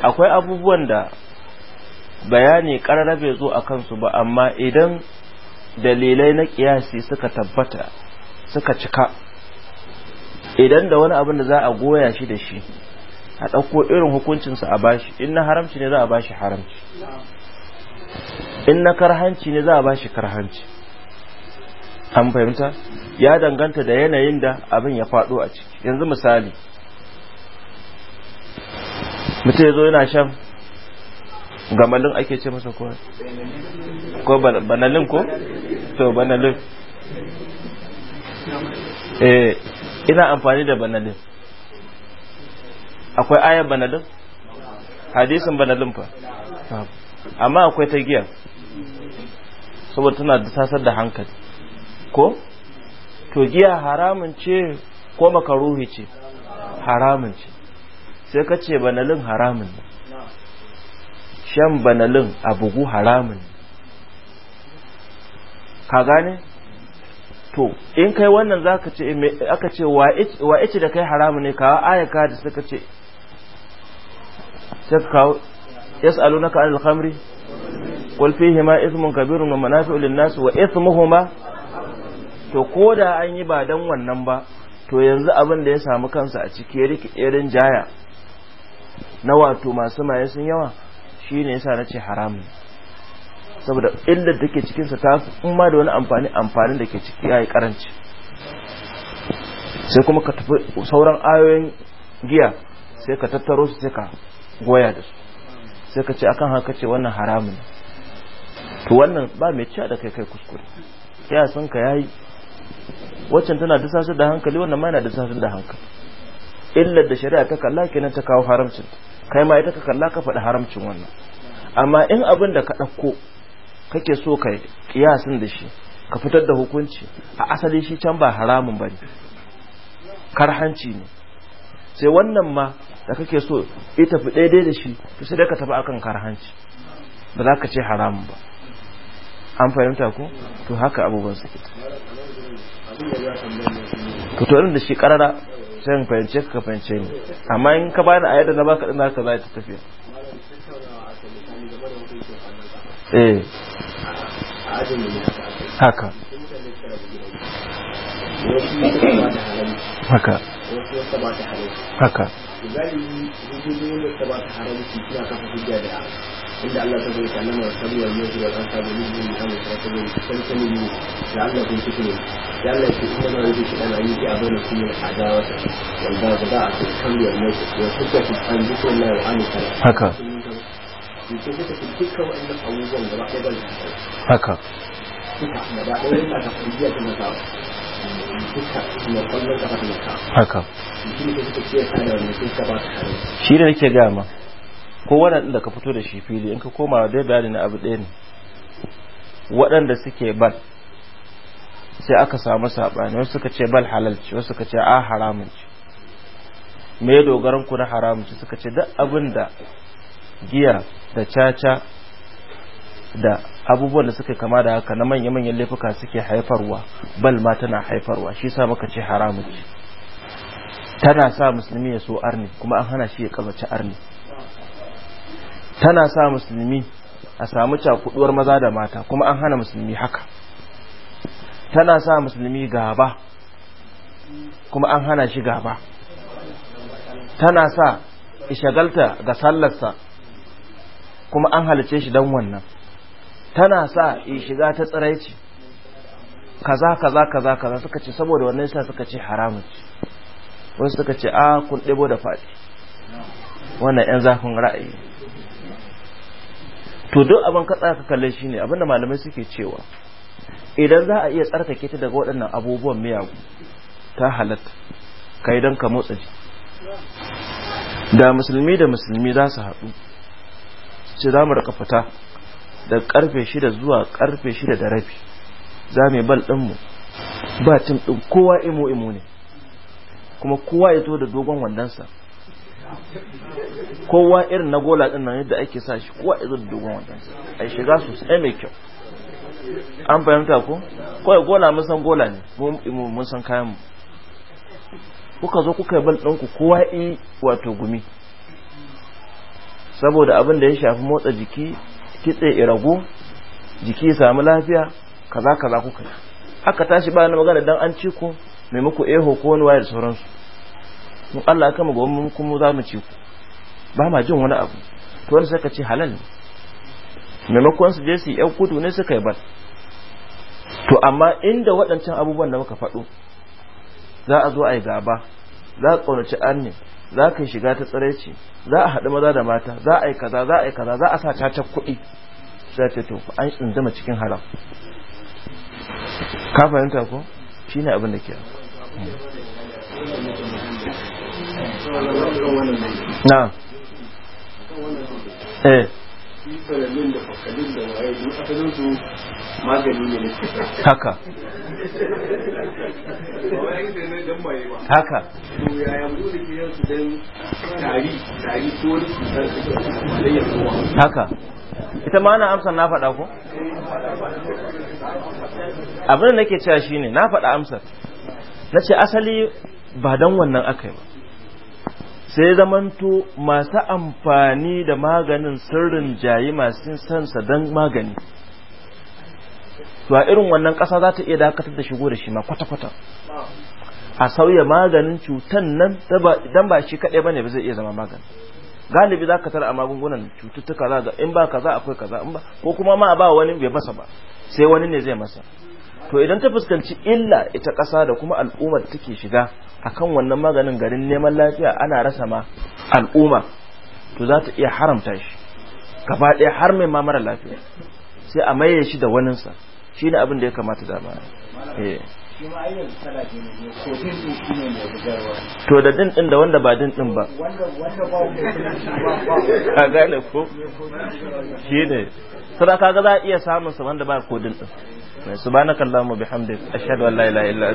akwai abubuwan da bayani bai zo a kansu ba amma idan dalilai na kiyasi suka tabbata suka cika idan da wani abin da za a goya shi da shi a ɗauko irin hukuncinsa a bashi in na haramci ne za a bashi haramci in na karhanci ne za a bashi karhanci an fahimta ya danganta da yanayin da abin ya faɗo a ciki yanzu misali mutum ya zo yana shan gamalin ake ce masa ko ko banalin ko to banalin eh ina amfani da banalin akwai ayan banalin hadisin banalin fa amma akwai ta giya saboda tana da tasar da hankali ko to giya haramun ce ko makaruhi ce haramun ce sai ka ce banalin haramun ne shan banalin a bugu haramun ne ka gane to in kai wannan za ka ce aka ce wa ice da kai haramun ne kawai ayaka da suka ce sai kawo yas'alunaka anil khamri qul fihima ithmun kabirun wa manafi'u lin-nas wa ithmuhuma to koda ba dan wannan ba to yanzu abin da ya samu kansa a ciki rikirin jaya na wato masu maye sun yawa shine yasa nace haramun saboda illa take cikinsa ta in ma da wani amfani amfanin da ke ciki ya yi karanci sai kuma ka tafi sauran ayoyin giya sai ka tattaro su sai ka goya da su sai ka ce akan haka ce wannan haramun to wannan ba mai ciya da kai kai kuskure ya sun ka yayi waccan tana da sasu da hankali wannan ma yana da sasu da hankali illar da shari'a ta kalla kenan ta kawo haramcin kai ma ita ka kalla ka faɗi haramcin wannan amma in abin da ka ɗauko kake so ka kiyasin da shi ka fitar da hukunci a asali shi can ba haramun bane karhanci ne sai wannan ma da kake so ita tafi daidai da shi to sai da ka tafi akan karhanci ba za ka ce haramun ba an fahimta ko to haka abubuwan suke ka to da shi karara sai in fahimce ka fahimce ni amma in ka bani a yadda na baka din haka za ta tafiya eh haka haka wasu ba haka da inda Allah ta bai kallama wa sabuwar yanzu da kanka da yin yin kan da ta bai sansani ne da Allah kun ciki ne da Allah ke kuma shi yi a bane su a ga wata wanda ba za a kai sabuwar da an ya amince haka ke abubuwan da ba ta haka ba ta ta ta haka shi da nake gaya ma ko waɗanda da ka fito da shi fili in ka koma da bayani na abu ɗaya ne waɗanda suke bal sai aka samu saɓani wasu suka ce bal halalci wasu suka ce a haramunci ce me dogaran ku na haramun suka ce duk abin da giya da caca da abubuwan da suka kama da haka na manya-manyan laifuka suke haifarwa bal ma tana haifarwa shi sa muka ce haramu ce tana sa musulmi ya so arni kuma an hana shi ya kazaci arni tana sa musulmi a samu cakuduwar maza da mata kuma an hana musulmi haka tana sa musulmi gaba kuma an hana shi gaba tana sa ishagalta ga sallarsa kuma an halice shi don wannan tana sa yi shiga ta tsiraici kaza kaza kaza kaza suka ce saboda wannan sa suka ce haramun ce wasu suka ce a kun ɗebo da faɗi wannan yan zafin ra'ayi to duk abin katsa ka kalle shi ne abinda malamai suke cewa idan za a iya tsarkake ta daga waɗannan abubuwan miyagu ta halatta kai idan ka motsa ji da musulmi da musulmi za su haɗu ce za mu rika fita da karfe shida zuwa karfe shida da rafi. za mu bal ɗinmu ba tun ɗin kowa imo imo ne kuma kowa ya to da dogon wandonsa kowa irin na gola ɗin nan yadda ake sa shi kowa ya zo da dogon wandonsa a shiga su sai mai kyau an fahimta ko kawai gola mun san gola ne mun san kayan mu kuka zo kuka yi bal ɗinku kowa yi wato gumi saboda abin da ya shafi motsa jiki kitse ragu jiki samu lafiya kaza kaza kuka haka tashi ba na magana dan an ci ku mai muku eho ko wani wayar sauransu mun Allah kama ga mu kuma za mu ci ku ba ma jin wani abu to wani suka ce halal ne maimakon su jesi yan yi kudu ne suka yi bal to amma inda waɗancan abubuwan da muka faɗo za a zo a yi gaba za a ƙaunaci arni za ka shiga ta tsare ce za a haɗu maza da mata za a yi kaza za a yi kaza za a sa cacar kuɗi za ta to an tsindama cikin haram ka fahimta ko shi ne abin da ke na da ita ma ana amsar na faɗa ko abin da nake cewa shine na faɗa amsar na ce asali ba dan wannan aka yi ba sai zamanto masu amfani da maganin sirrin jayi masu sansa don magani to irin wannan kasa za ta iya dakatar da shigo da shi ma kwata-kwata a sauya maganin cutan nan don ba shi kaɗai ba ne ba zai iya zama magani galibi za ka tara a magungunan cututtuka za ga in ba kaza akwai kaza in ba ko kuma ma ba wani bai masa ba sai wani ne zai masa to idan ta fuskanci illa ita ƙasa da kuma al'ummar take shiga akan wannan maganin garin neman lafiya ana rasa ma al'umma to za ta iya haramta shi gaba ɗaya har mai ma mara lafiya sai a maye shi da waninsa shi ne abin da ya kamata da baya eh. to da din din da wanda ba din din ba a gane ko shi ne sadaka ga za a iya samun sa wanda ba ko din din subhanakallahumma bihamdika ashhadu an la ilaha illa